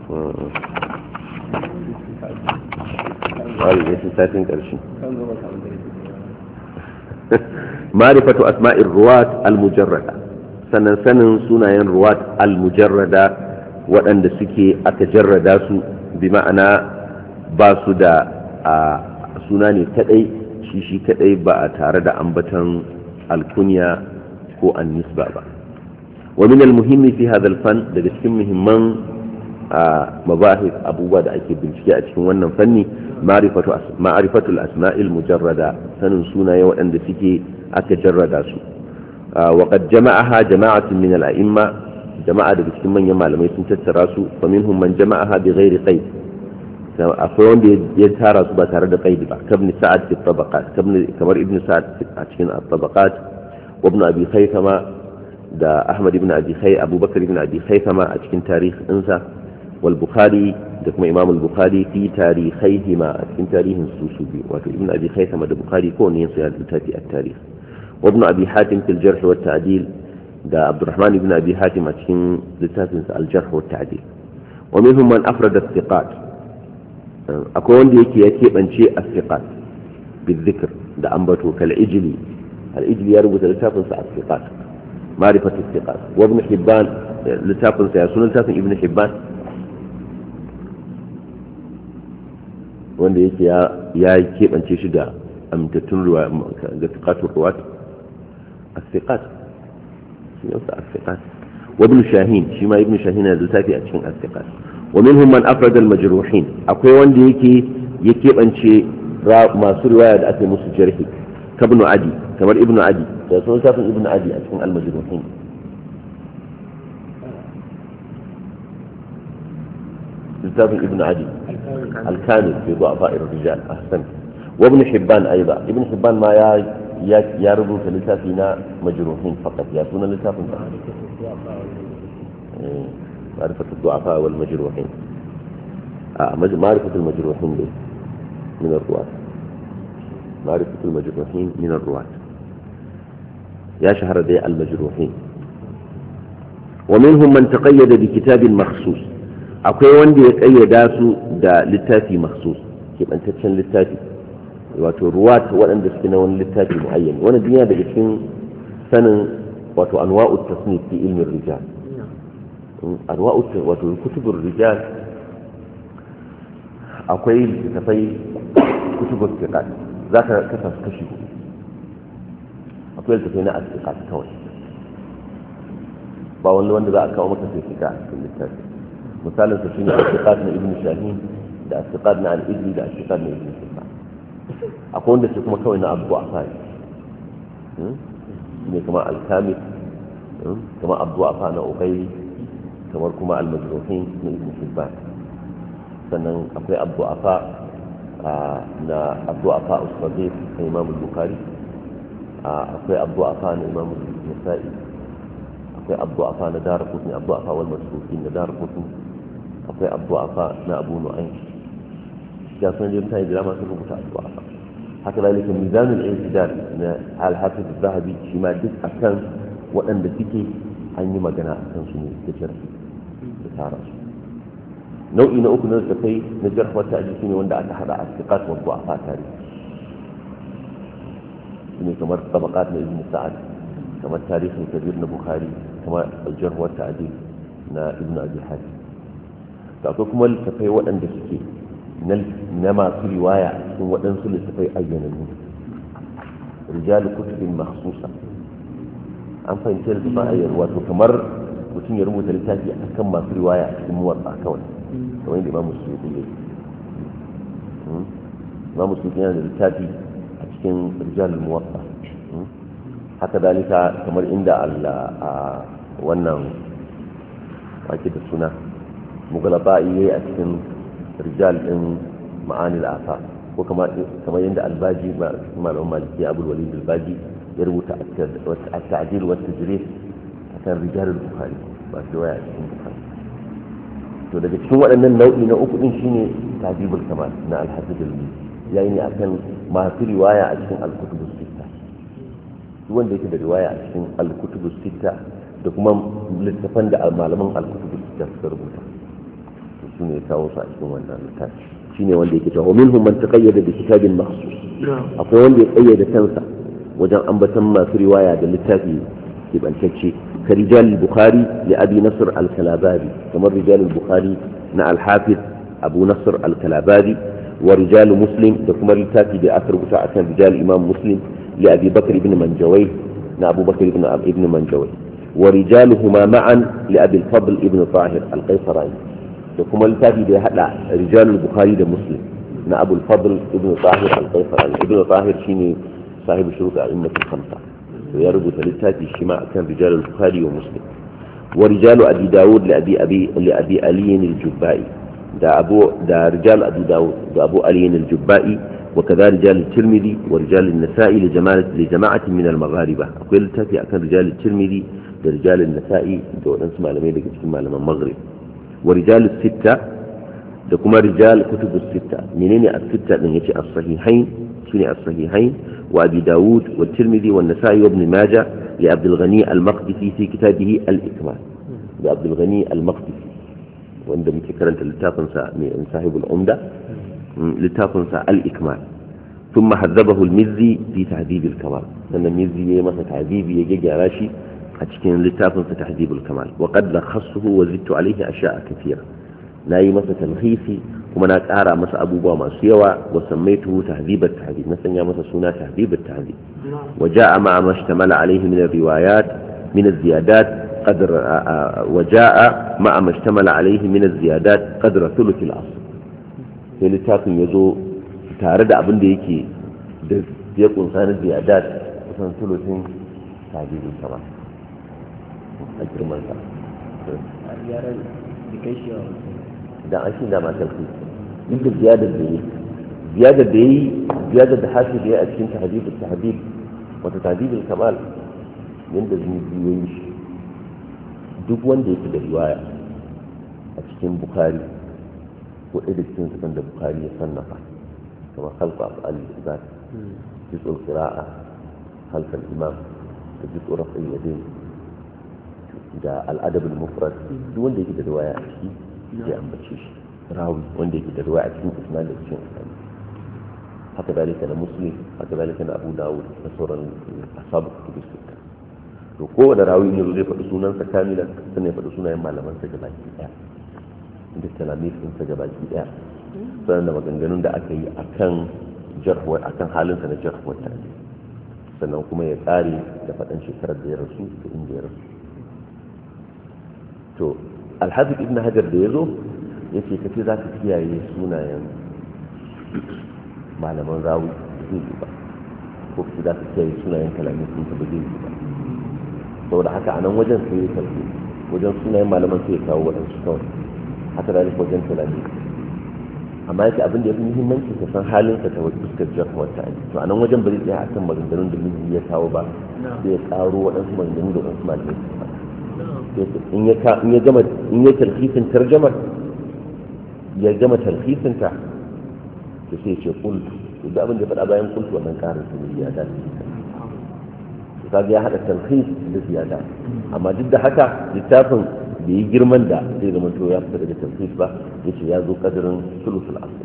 mm wani yasin satin ma'rifatu asma'ir ruwat al-mujarrada sannan sanin sunayen ruwat al-mujarrada waɗanda suke aka jarrada su bi ma'ana ba su da suna ne kadai shi shi kadai ba tare da ambatan alkunya ko annisba ba wa min al-muhimmi fi hadha al-fan daga cikin muhimman mabahis abubuwa da ake bincike a cikin wannan fanni ma'arifatul asma'il mujarrada sanin sunaye waɗanda suke aka jarrada su wa qad jama'aha jama'atun min al jama'a daga cikin manyan malamai sun tattara su fa minhum man jama'aha bi ghairi qaid akwai wanda ya tara su ba tare da qaid ba kabni sa'ad fi tabaqat kamar ibn sa'ad a cikin tabaqat wa ibn abi khaythama da ahmad ibn abi khay abubakar ibn abi khaythama a cikin tarihi ɗinsa والبخاري لكم إمام البخاري في تاريخيهما أتكن تاريخ السوسوبي وابن أبي خيثم البخاري كون ينصي التاتي التاريخ وابن أبي حاتم في الجرح والتعديل دا عبد الرحمن بن أبي حاتم أتكن لتاتي الجرح والتعديل ومنهم من أفرد الثقات أكون ديكي يكيب أن شيء الثقات بالذكر دا أنبتو كالعجلي العجلي يربط لتاتي الثقات معرفة الثقات وابن حبان لتاتي سياسون لتاتي ابن حبان wanda yake ya keɓance shi da amintattun ga fiƙatun ruwat a fiƙat shi yau a fiƙat wabin shahin shi ibn shahin na littafi a cikin astiqat wa minhum man afrad al majruhin akwai wanda yake ya keɓance masu riwaya da aka musu jarhi kabnu adi kamar ibnu adi da ibnu adi a cikin littafin ibnu adi الكامل في ضعفاء الرجال أحسن وابن حبان أيضا ابن حبان ما يا يا لسافنا فينا مجروحين فقط يا سنة لتافنا إيه، معرفة الضعفاء والمجروحين آه معرفة المجروحين دي من الرواة معرفة المجروحين من الرواة يا شهر دي المجروحين ومنهم من تقيد بكتاب مخصوص akwai wanda ya kayyada su da littafi masu keɓantaccen littafi wato ruwat waɗanda suke na wani littafi mu'ayyani wani duniya daga cikin sanin wato anwa'u tasnif fi ilmin rijal anwa'u wato kutubur rijal akwai littafai kutubur tiqat za ka kasa su kashi akwai littafai na asiqat kawai ba wani wanda za a kawo maka sai tiqat cikin littafi misalin su shine al-siqat na ibn shahin da al-siqat na al-ibli da al-siqat na ibn hibban akwai wanda su kuma kawai na abu a afani hmm? ne kamar al-kamil hmm? kamar abu a afani na ubayli kamar kuma al-majruhin na ibn hibban sannan akwai abu a afa na abu a afa usbabir na imam bukhari akwai abu a afa na imam nasa'i akwai abu a afa na dara kutni abu a afa wal masrukin na dara kutni akwai abu afa na abu nu'ayn da sun je mutane da dama sun rubuta afa haka zalika mizanul i'tidal na al-hafiz az-zahabi shi ma duk akan waɗanda suke an yi magana akan su ne da jarfi da tara su nau'i na uku na tafai na jarh wata aji ne wanda aka hada asiqat wa du'afa tare ne kamar tabaqat na ibn sa'ad kamar tarihin kabir na bukhari kamar jarh wata aji na ibn abi hatim akwai kuma littafai waɗanda suke na masu riwaya sun cikin waɗansu littafai ayyanannu rijalu kutubin mahsusa an fahimci littafin ayyar wato kamar mutum ya rubuta littafi a kan masu riwaya a cikin muwatsa kawai kamar yadda imamu su yi hmm? imamu su yana da littafi a cikin rijalul muwatsa hmm? haka dalika kamar inda allah a wannan wake da suna mughalaba yayi a cikin rijal din ma'anil afa ko kamar yadda albaji malamin maliki abul walid albaji ya rubuta a tadil wa at a kan rijal al-bukhari ba su waya cikin bukhari to daga cikin waɗannan nau'i na uku din shine tajibul kamal na al ya yi ne kan masu riwaya a cikin al-kutubus sitta wanda yake da riwaya a cikin al-kutubus sitta da kuma littafan da malaman al-kutubus sitta suka rubuta shine ya kawo su a cikin wannan littafi shi ne wanda ya yake cewa minhum man taqayyada da kitabin maksus akwai wanda ya kayyada kansa wajen ambatan masu riwaya da littafi kibantacce ka rijal bukhari li abi nasr al kalabari kamar rijal bukhari na al-hafiz abu nasr al kalabari wa rijal muslim da kuma littafi da aka rubuta akan rijal imam muslim li abi bakr ibn manjawai na abu bakr ibn ibn manjawai ورجالهما معا لأبي الفضل ابن طاهر القيصراني da kuma littafi da ya hada rijalul bukhari da muslim na abul fadl ibn tahir al-qayfar ibn tahir shine sahibi shuruka al-immatul khamsa to ya rubuta littafi shi ma akan rijalul bukhari wa muslim wa rijalu abi daud li abi abi li abi ali al-jubba'i da abu da rijal abi daud da abu ali al-jubba'i وكذا رجال الترمذي ورجال النسائي لجماعة, لجماعة من المغاربة أقول tirmidhi da rijal an-nasa'i da wadansu malamai daga cikin malaman المغرب wa rijalus da kuma rijal kutubus sitta menene as-sitta din yace as-sahihain shine as-sahihain wa abi daud wa tirmidhi wa nasa'i wa ibn majah li abdul ghani al-maqdisi fi kitabihi al-ikmal da abdul al-maqdisi wanda muke karanta littafin sa mai sahibul umda mm, littafin sa al-ikmal ثم هذبه المزي في تهذيب الكمال لأن المزي يمسك تعذيب يجي راشي a cikin littafin sa tahzibul kamal wa qad lakhassuhu wa zidtu alayhi ashya'a kathira nayi masa tamhisi kuma na ƙara masa abubuwa masu yawa wa sammaituhu tahzibat tahzib na sanya masa suna tahzibat tahzib wa ja'a ma mashtamala alayhi min riwayat min ziyadat قدر وجاء مع ما اشتمل عليه من الزيادات قدر ثلث الأصل sai littafin ya zo tare da abin da yake da ya kunsa na ziyadat kusan sulusin tabirin sama a girman sa da an shi da ma tafi duk da ziyadar da yi ziyadar da yi ziyadar da hafi da ya a cikin tahdidul tahdid wata tahdidul kamal yanda zuciyoyin shi duk wanda yake da riwaya a cikin bukari ko ɗaya da cikin sukan da bukari ya sannafa kamar halka abu al-izan hmm. jitsul qira'a halka al-imam da rafai rafi'il yadayn da al'adabul mufrad duk wanda yake da riwaya a ciki zai ambace shi rawi wanda yake da riwaya a cikin isnad da cikin isnad haka zalika na muslim haka zalika na abu dawud da sauran eh, asabu kutubu sita to kowane rawi ne zai faɗi sunansa kamilan sannan ya faɗi sunayen malamansa gabaki ɗaya da talamis ɗinsa gabaki ɗaya sannan da maganganun da aka yi akan jarhuwar akan halinsa na jarhuwar tare sannan kuma ya ƙare da faɗin shekarar da ya rasu da inda ya rasu to alhafiz ibn hajar da ya zo ya ce kace za ka kiyaye sunayen malaman rawi zai yi ba ko kace za ka kiyaye sunayen kalamin sun ba zai yi ba saboda haka a nan wajen sai ya karfi wajen sunayen malaman sai ya kawo waɗansu kawai haka da wajen kalamin amma yake abin da ya fi muhimmanci ka san ka ta wajen fuskar jihar wata ta to a nan wajen ba zai tsaya a kan maganganun da mun ya kawo ba sai ya karo waɗansu maganganun da waɗansu malamai إن يجمع إن يجمع تلخيص ترجمة يجمع تلخيص انت تسي شو قلت وده من جبر أبا يوم قلت ومن كان في الزيادات فقال يا هذا التلخيص للزيادات أما جد حتى لتافن بيجر من دا زي ما تقول يقدر التلخيص با يش قدر ثلث الأصل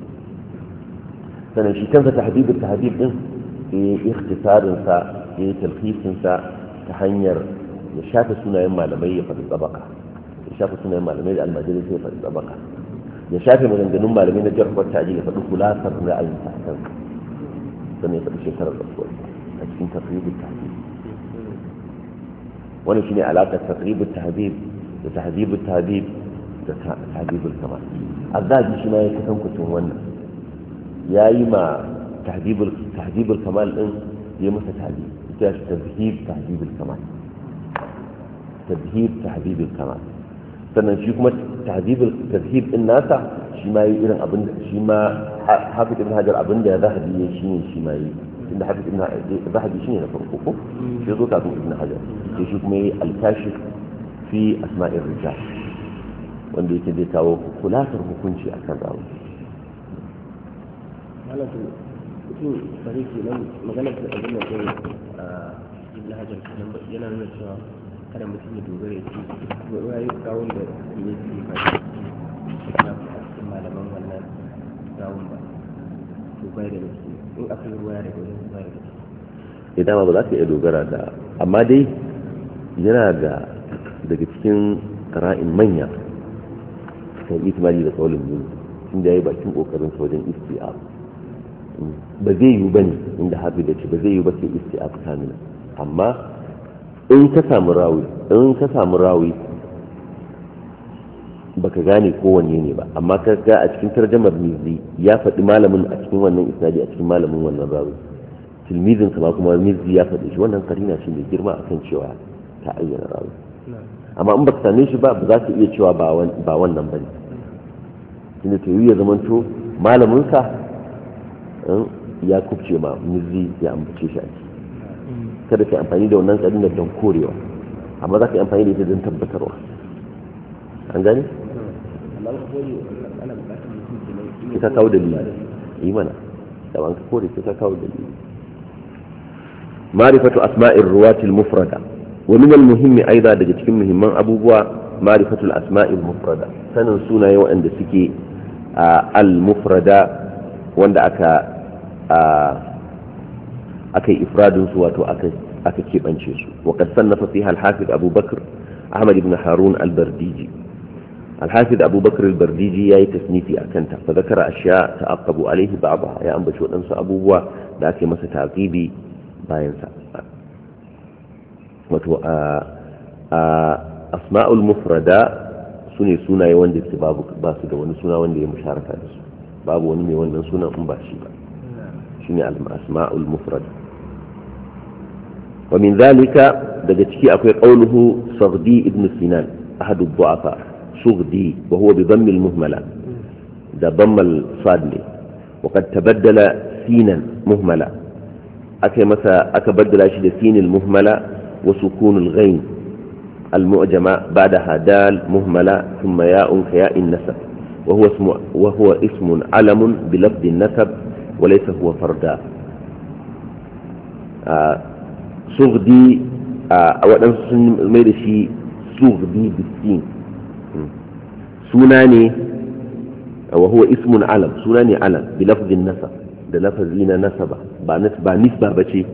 فأنا شو كان تحديد التحديد إيه؟, إيه اختصار إنسا إيه تلخيص إنسا تحنير ya shafe sunayen malamai ya faɗi tsabaka ya shafe sunayen malamai da almajirai sai ya faɗi tsabaka ya shafe maganganun malamai na jihar kwata ya faɗi kulasar ra'ayin sa kan sannan ya faɗi shekarar rasuwar a cikin tafribin tahzib wani shine alaƙar tafribin tahzib da tahzibin tahzib da tahzibin kamar azabi shi ma ya kusan kucin wannan ya yi ma tahzibul kamal din ya masa tahzib ita shi tahzib tahzibul kamal تذهيب تهذيب الكمال sannan shi kuma tahdibul tadhib din nasa shi ma yi irin abin shi ma hafiz ibn hajar abin da zahabi ya shi ne shi ma yi inda hafiz ibn zahabi shi ne na farko ko shi zo kafin ibn hajar sai shi kuma yi alkashi fi asma'ir rijal wanda yake zai kawo kulatar hukunci akan zawo malatu mutum bari ke nan maganar da abin da ke ibn hajar kenan yana nuna cewa kada mutum ya dogara ya ce ya kawo da ya ce ba na cikin malaman wannan ba to bai da in aka yi ruwa da eh, dama ba za ka iya dogara da amma dai yana da daga cikin ra'in manya kan itimali da kaulin yin sun da ya yi bakin kokarin wajen istiab ba zai yi ba ne inda hafi da ce ba zai yi ba sai istiab kamila amma in ka samu rawi in ka samu rawi baka gane kowanne ne ba amma ka ga a cikin tarjamar mizzi ya faɗi malamin a cikin wannan isnadi a cikin malamin wannan rawi tilmizin sa kuma mizzi ya faɗi shi wannan karina shi mai girma akan cewa ta ayyana rawi amma in baka same shi ba ba za ka iya cewa ba wannan ba bane tunda to ya to malamin sa eh, ya kubce ma mizzi ya ambace shi a ciki kada ka amfani da wannan kadinar don korewa amma za ka yi amfani da ita don tabbatarwa an gani? ka kawo dalili yi mana da ban ka kore ka kawo dalili ma'rifatu asma'ir ruwatil mufrada wa min al-muhimmi aida daga cikin muhimman abubuwa ma'rifatu asma'il mufrada sanin sunaye waɗanda suke al-mufrada wanda aka akai ifradin su wato aka keɓance su wa qad sannafa fiha al-hafiz Abu Bakr Ahmad ibn Harun al-Bardiji al-hafiz Abu Bakr al-Bardiji yayi tasnifi akan ta fa zakara ashiya ta'aqqabu alayhi ba'daha ya ambaci wadansu abubuwa da ake masa taqibi bayan sa wato asma'ul mufrada su ne sunaye wanda ke ba su da wani suna wanda ya musharaka da su babu wani mai wannan sunan in ba shi ba shine al-asma'ul mufrada ومن ذلك دقتكي أقول قوله صغدي ابن سنان أحد الضعفاء صغدي وهو بضم المهملة ده ضم الصادل وقد تبدل سينا مهملة أكي مثلا أكبدل أشد سين المهملة وسكون الغين المعجمة بعدها دال مهملة ثم ياء كياء النسب وهو اسم, وهو اسم علم بلفظ النسب وليس هو فردا آه، sugdi a waɗansu sun mai da shi sugdi bisin hmm. suna ne wa huwa ismun alam suna ne alam bi lafzin nasa da lafazi na nasa ba ba nisba ba ce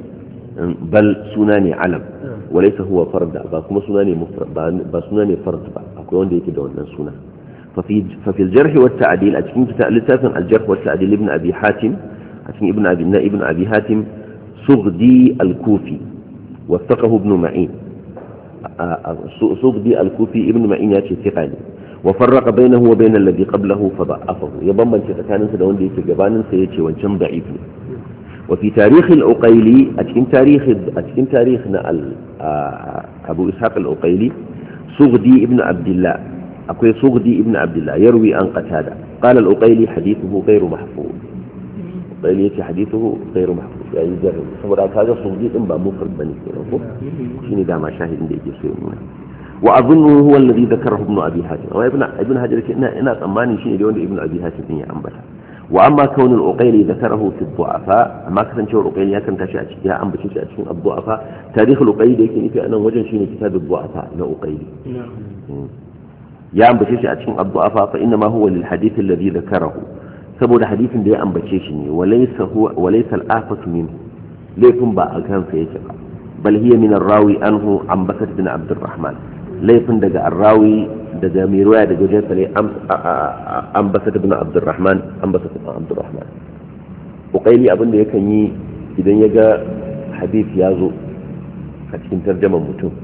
hmm, bal suna ne alam walaisa huwa farda ba kuma suna ne ba suna ne fard ba akwai wanda yake da wannan suna a ففي ففي الجرح والتعديل أتكلم كتاب الجرح والتعديل ابن أبي حاتم أتكلم ابن أبي abi hatim حاتم al-kufi. وثقه ابن معين آه، آه، سوق الكوفي ابن معين ياتي ثقاني وفرق بينه وبين الذي قبله فضعفه يبما انت تكانن سدون دي سجبان سيتي وانشم ضعيف وفي تاريخ الأقيلي أتكين تاريخ أتكين تاريخنا آه، أبو إسحاق الأقيلي سغدي ابن عبد الله أقول سغدي ابن عبد الله يروي أن قتادة قال الأقيلي حديثه غير محفوظ الأقيلي حديثه غير محفوظ Yayi yi jarri saboda kaga su sun din ba mu mufrad bane kenan ko shine dama shahidin da yake so ya nuna wa azunnu huwa alladhi dhakarahu ibn abi hatim wa ibn ibn hajar ina ina tsammani shine da wanda ibn abi hatim ya ambata wa amma kaun al-uqayli dhakarahu fi ad-du'afa amma kasancewar uqayli ya kan tashi a cikin ya ambace shi a cikin ad-du'afa tarikh al-uqayli da yake nufi anan wajen shine kitab ad-du'afa na uqayli hmm. ya ambace shi a cikin ad fa inna ma huwa lil hadith alladhi dhakarahu saboda hadisin da ya ambace shi ne walaysa huwa walaysa al-afatu min laifin ba a kansa yake ba bal hiya min ar-rawi anhu an basat bin abdurrahman laifin daga ar-rawi daga mai ruwaya daga wajen sa an basat bin abdurrahman an basat bin abdurrahman uqayli abinda yakan yi idan ya ga hadith ya zo a cikin tarjaman mutum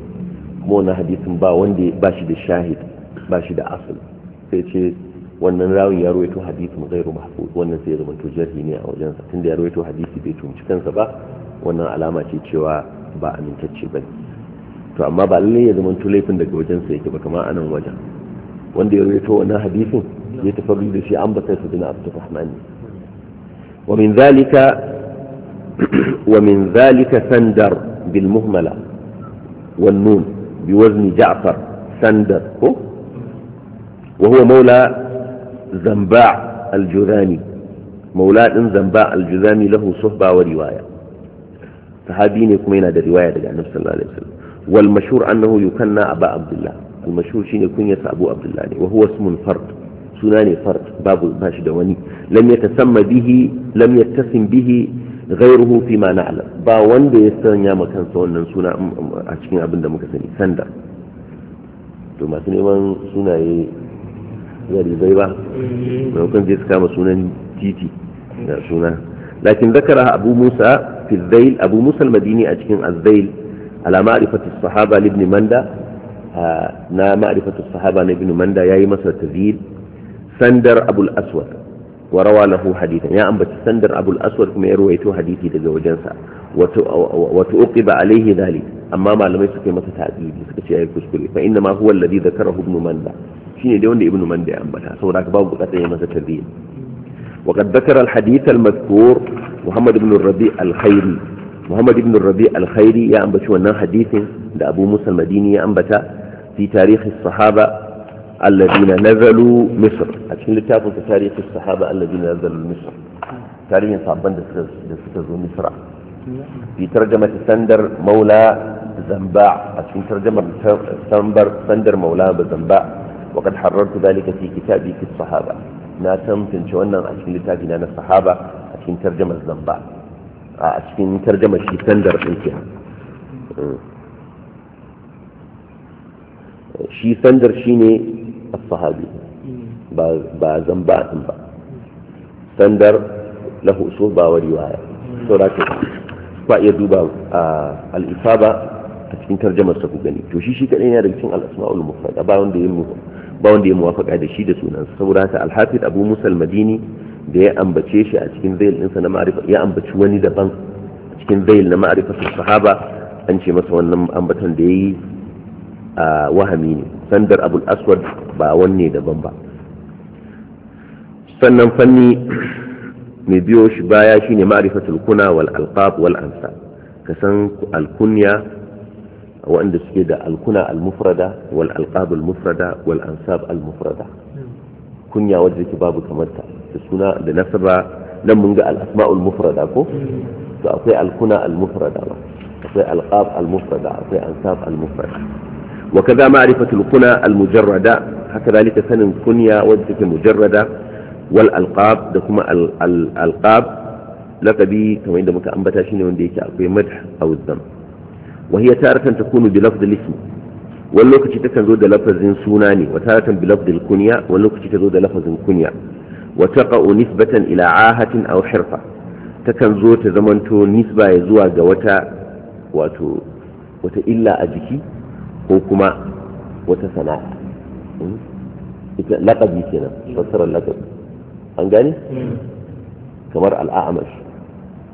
kuma wannan hadisin ba wanda ba shi da shahid ba shi da asali sai ce wannan rawin ya rawaito hadisin gairu mahfuz wannan sai ya zama to jarhi ne a wajen sa tunda ya rawaito hadisi bai tumci kansa ba wannan alama ce cewa ba amintacce ba to amma ba lalle ya zama to laifin daga wajen sa yake ba kamar anan wajen wanda ya rawaito wannan hadisin ya tafarri da shi an ba sai sabina abdurrahman wa min zalika wa min zalika sandar bil muhmala wan nun bi wazni ja'far sandar ko وهو مولى zamba aljuzani maula din zamba aljuzani lahu suhba wa riwaya sahabi ne kuma yana da riwaya daga annabi sallallahu alaihi wasallam wal mashhur annahu yukanna aba abdullah al mashhur shine kunyarsa abu abdullah ne wa huwa ismun fard suna ne fard babu ba shi da wani lam yatasamma bihi lam yattasim bihi غيره فيما نعلم با wanda ya sanya ma kansa wannan suna mm, mm, a cikin abin da muka sani sanda to masu neman sunaye galizai ba maimakon zai su kama sunan titi da suna lakin zakara abu musa fi zail abu musa madini a cikin azzail ala ma'rifatu sahaba ibn manda na ma'rifatu sahaba na ibn manda yayi masa tazil sandar abul aswad wa rawa lahu hadithan ya ambaci sandar abul aswad kuma ya ruwaito hadisi daga wajensa wato uqiba alaihi dhalik amma malamai suka yi masa ta'dili suka ce yayi kuskure fa inna ma huwa alladhi dhakarahu ibn manda shine dai wanda ibnu manda ya ambata saboda haka babu bukatar ya masa tabi'i wa qad dhakara al hadith al madhkur muhammad ibn rabi al khairi muhammad ibn rabi al khairi ya ambaci wannan hadisin da abu musa al madini ya ambata fi tarikh as sahaba alladhina nazalu misr a cikin littafin sa tarikh as sahaba alladhina nazalu misr tarihin sabban da suka da suka zo misra fi tarjama sandar maula zamba a cikin tarjamar sandar maula zamba وقد حررت ذلك في كتابي في الصحابة na san tantance wannan a cikin littafi na sahaba a cikin tarjamar zamba a cikin tarjamar shi sandar ɗin ke shi sandar shi ne a sahabi ba zamba ɗin ba sandar lahu usul ba wa riwaya saura ce ba iya duba a al'isaba a cikin tarjamar sa ku gani to shi shi kaɗai yana da cikin al'asma'ul mufrada ba wanda ya mutu ba wanda ya muwafaka da shi da sunansa saboda haka alhafiz abu musa madini da ya ambace shi a cikin zail ɗinsa na ma'arifa ya ambaci wani daban a cikin zail na sahaba an ce masa wannan ambaton da ya yi a wahami ne sandar abul aswad ba wanne daban ba sannan fanni mai biyo shi baya shine ma'rifatul kuna wal alqab wal ansa ka san alkunya وعند سكيدة الكنى المفردة والألقاب المفردة والأنساب المفردة كنيا وجه كباب كمتا السنة لنفر لم نقع الأسماء المفردة فأطيع الكنى المفردة أطيع ألقاب المفردة أطيع أنساب المفردة وكذا معرفة الكنى المجردة كذلك سن كنيا وجه كمجردة والألقاب دكما الألقاب لقبي كما عندما كأنبتا شنو عندي مدح أو الزمن wa ya taratan takunu bi lafdil ism wani lokaci takan zo da lafazin suna ne wa taratan bi lafdil kunya wani lokaci ta zo da lafazin kunya wa taqa'u nisbatan ila ahatin aw hirfa takan zo ta zamanto nisba ya zuwa ga wata wato wata illa a jiki ko kuma wata sana'a hmm? kenan an kamar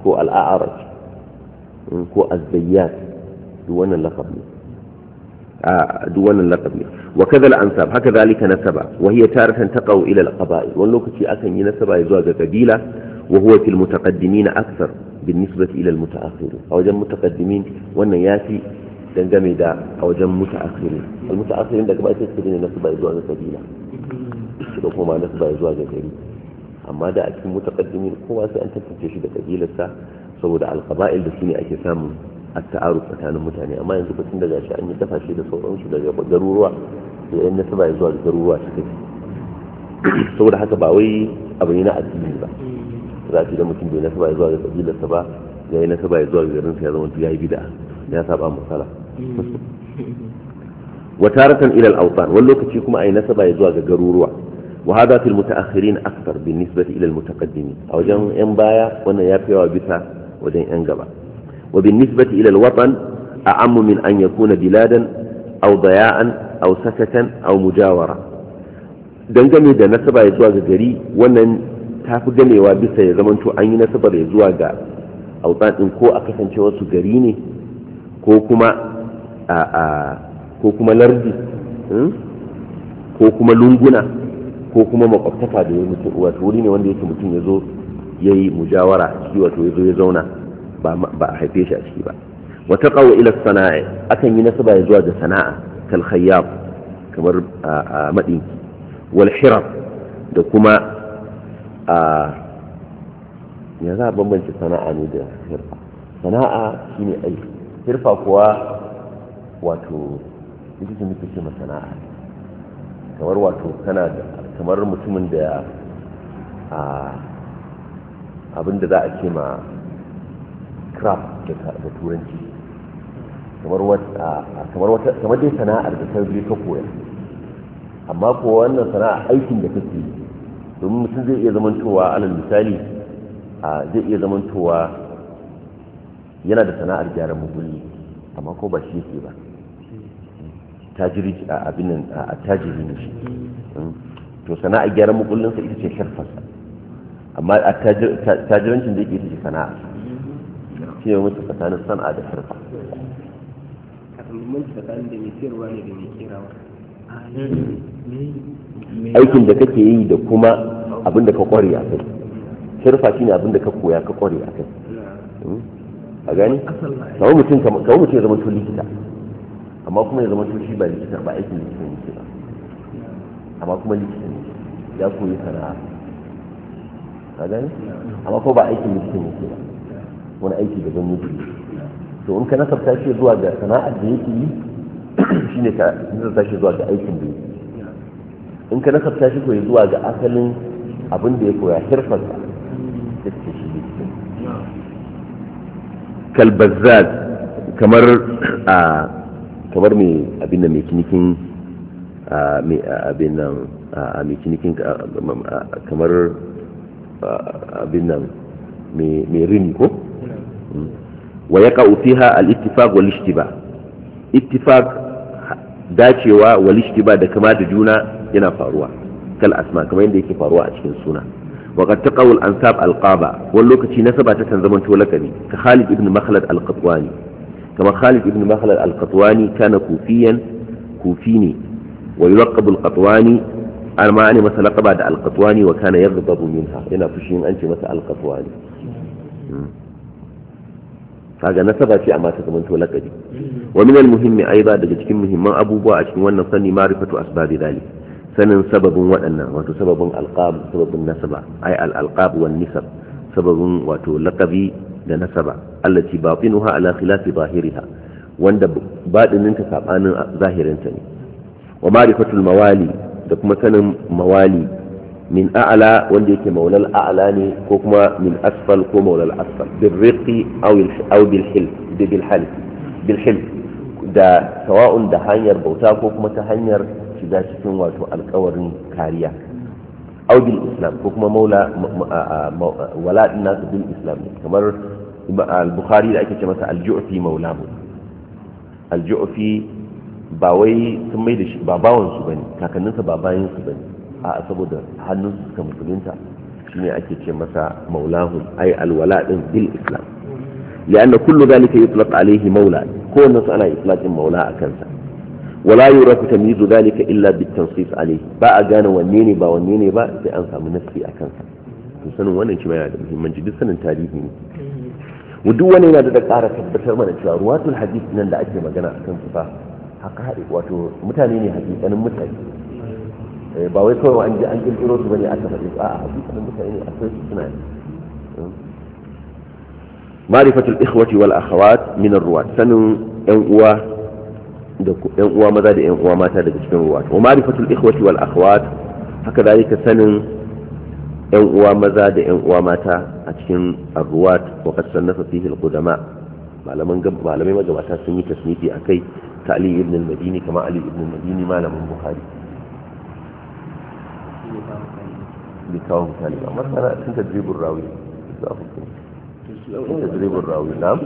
ko hmm, ko duk wannan laqab ne wa kadha ansab haka zalika nasaba wa taratan taqau ila al wani lokaci akan yi nasaba ya zuwa ga kabila wa huwa fil mutaqaddimin akthar بالنسبة إلى المتأخرين أو جم متقدمين وأن ياتي dangame da a wajen muta'akhirin al muta'akhirin daga bai take ne nasu bai zuwa ga kabila da kuma nasu bai zuwa ga gari amma da a cikin mutaqaddimin kowa sai an tantance da kabilarsa saboda al da su ne ake samun a ta'aru tsakanin mutane amma yanzu batun daga shi an yi kafashe da sauransu daga garuruwa da yan nasaba ya zuwa da garuruwa suka fi saboda haka ba wai abu ne na addini ba za ki da mutum bai nasaba ya zuwa ga kabilarsa ba ya yi nasaba ya zuwa ga garinsa ya zama ya yi bida ya saba masala wa taratan ila al-awtan wani lokaci kuma ai nasaba ya zuwa ga garuruwa wa hada fil mutaakhirin akthar bin nisbati ila al-mutaqaddimin a wajen yan baya wannan ya fi yawa bisa wajen yan gaba وبالنسبة إلى الوطن أعم من أن يكون بلادا أو ضياء أو سككا أو مجاورة dangane da nasaba ya zuwa ga gari wannan ta fi ganewa bisa ya zamanto an أو طان إن كو ga شو ko a kasancewar su gari ne ko kuma a ko lunguna ko kuma makwabtaka da ya mutu wato wuri ne wanda yake mutum ya zo ya yi mujawara shi wato ya zo ya zauna ba a haife shi a ciki ba wata taqaw ila sana'a akan yi nasaba ya zuwa da sana'a kal khayyab kamar madinki wal hirab da kuma a ya za a bambance sana'a ne da hirfa sana'a shine aiki hirfa kuwa wato ita ce muke ce sana'a kamar wato kana da kamar mutumin da abin da za a ce ma craft da turanci kamar wata kamar dai sana'ar da ta ta koya amma ko wannan sana'a aikin da kake yi domin mutum zai iya zamantowa alal misali zai iya zamantowa yana da sana'ar gyaran mugulli amma ko ba shi yake ba tajiri a abin a tajiri ne shi hmm. to sana'ar gyaran mugullin sa ita ce sharfarsa amma a tajirancin da yake ita ce sana'a shi ne tsakanin sana'a da shirka aikin da kake yi da kuma abin da ka kware a kai shirfa shi ne abin da ka koya ka kware a kai hmm? a gani kawo mutum kawo mutum ya zama tun likita amma kuma ya zama tun shi ba likita ba aikin likita ne ke ba amma kuma likita ne ya koyi sana'a a gani amma kuma ba aikin likita ne ke ba wani aiki daban zan yi to in ka nasabta shi zuwa ga sana'ar da yake yi shine ka nasabta shi zuwa ga aikin da yake in ka nasabta shi ko zuwa ga asalin abin da ya koya hirfar ta ke shi ne kalbazzad kamar a kamar mai abin da mai me abin nan mai kinikin kamar abin nan mai rini ko wa ya fiha al-ittifaq wal ishtiba ittifaq dacewa wal ishtiba da kama da juna yana faruwa kal asma kamar yadda yake faruwa a cikin suna wa qad taqawul ansab al-qaba wani lokaci nasaba ta kan to lakabi ka Khalid ibn Makhlad al-Qatwani kama Khalid ibn Makhlad al-Qatwani kana kufiyan kufi ne wa yulaqabu al-Qatwani an ma masa laqaba da al-Qatwani wa kana yaghdabu minha yana fushin an ce masa al-Qatwani hmm. kaga nasaba ce amma ta zamanto lakabi wa min al-muhimmi aiba daga cikin muhimman abubuwa a cikin wannan sani ma'rifatu asbabi dhalik sanin sababin waɗannan wato sababin alqab sababin nasaba ai al-alqab wan nisab sababin wato lakabi da nasaba allati batinuha ala khilafi zahiriha wanda badinin ta sabanin zahirinta ne wa ma'rifatu mawali da kuma sanin mawali min a'la wanda yake maulal a'la ne ko kuma min asfal ko maulal asfal bil riqi aw bil hil bil hal bil hil da sawa'un da hanyar bauta ko kuma ta hanyar shiga cikin wato alkawarin kariya aw bil islam ko kuma maula wala nasu bil islam kamar al-bukhari da ake ce masa al-ju'fi maulamu al-ju'fi ba wai sun mai da shi ba bawansu bane kakanninsa ba bayansu bane a saboda hannun suka musulunta shi ne ake ce masa maulahum Ai alwala din bil islam lianna kullu zalika yutlaq alayhi maula ko nan ana itlaqin maula akan sa wala yuraku tamyizu zalika illa bit tansif alayhi ba a gane wanne ne ba wanne ne ba sai an samu nafsi a kansa. to sanin wannan shi yana da muhimmanci duk sanin tarihi ne duk wani yana da ƙara tabbatar mana cewa ruwatul hadith nan da ake magana a su fa haka wato mutane ne hakikanin mutane Eh, ba wai kawai an ji an kirkiro su bane aka faɗi a hakikanin mutane akwai su suna ne ma'rifatul ikhwati wal akhawat min ar-ruwat sanin yan uwa da yan uwa maza da yan uwa mata daga cikin ruwat wa ma'rifatul ikhwati wal akhawat haka zalika sanin yan uwa maza da yan uwa mata a cikin ar-ruwat wa qad sannafa fihi al-qudama malaman malamai magabata sun yi tasnifi akai ta Ali ibn al-Madini kama Ali ibn al-Madini malamin Bukhari bai kawo misali ba masana sun tadribin rawi su a hukun tadribin rawi na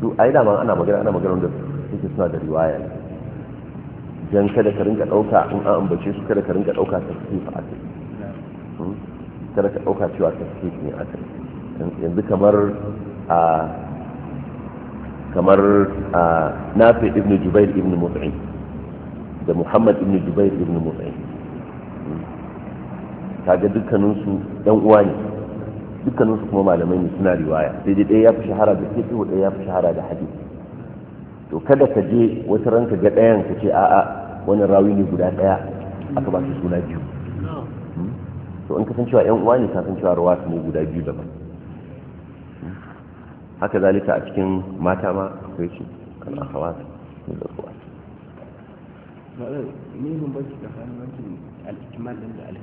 duk ai dama ana magana ana magana da suke suna da riwaya jan kada ka rinka ɗauka in an ambace su kada ka rinka ɗauka tasirif a kai hmm? kada ka ɗauka cewa tasirif ne a kai yanzu kamar a kamar a nafi da muhammad ibn jubair ibn kaga dukkaninsu ɗan uwa ne dukkaninsu kuma malamai ne suna riwaya sai dai ɗaya ya fi shahara da ko ɗaya ya fi shahara da hadisi to kada ka je wata ranka ga ɗayan ka ce a'a wani rawi ne guda ɗaya aka ba shi suna biyu hmm? to in ka san cewa ƴan uwa ne ka san cewa rawatu ne guda biyu daban hmm? haka zalika a cikin mata ma akwai shi kan akhawat ne da kuwa ne mun baki da hannun al-ikmal da al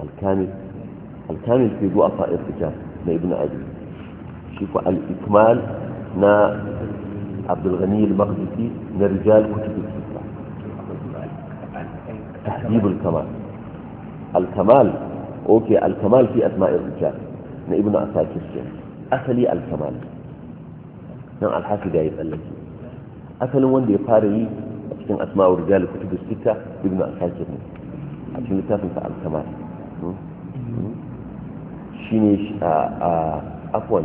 alkamil alkamil fi zuwa fa'ir rijal na ibn abi shi al-ikmal na abdulghani al na rijal kutub al al-kamal al-kamal اوكي الكمال في اسماء الرجال na ibn asakir asali alkamal nan asalin wanda ya fara yi a cikin asma'ur rijal kutubus sita ibn ne a cikin littafin sa shine a afwan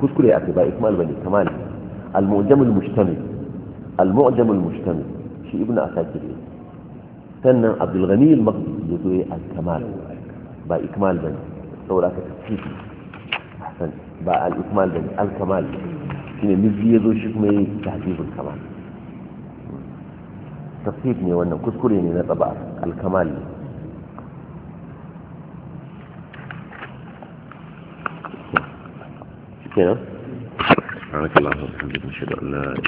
kuskure ake ba ikmal bane kamal al-mu'jamul mushtamil al-mu'jamul mushtamil shi ibnu asakir sannan abdul ghani al-maqdisi yazo ya al-kamal ba ikmal bane saboda aka tafsiri ahsan ba al-ikmal bane al-kamal shine mizzi yazo shi kuma yayi tahdidul kamal tafsir ne wannan kuskure ne na tsaba al-kamal ne كده سبحانك الله وبحمدك نشهد ان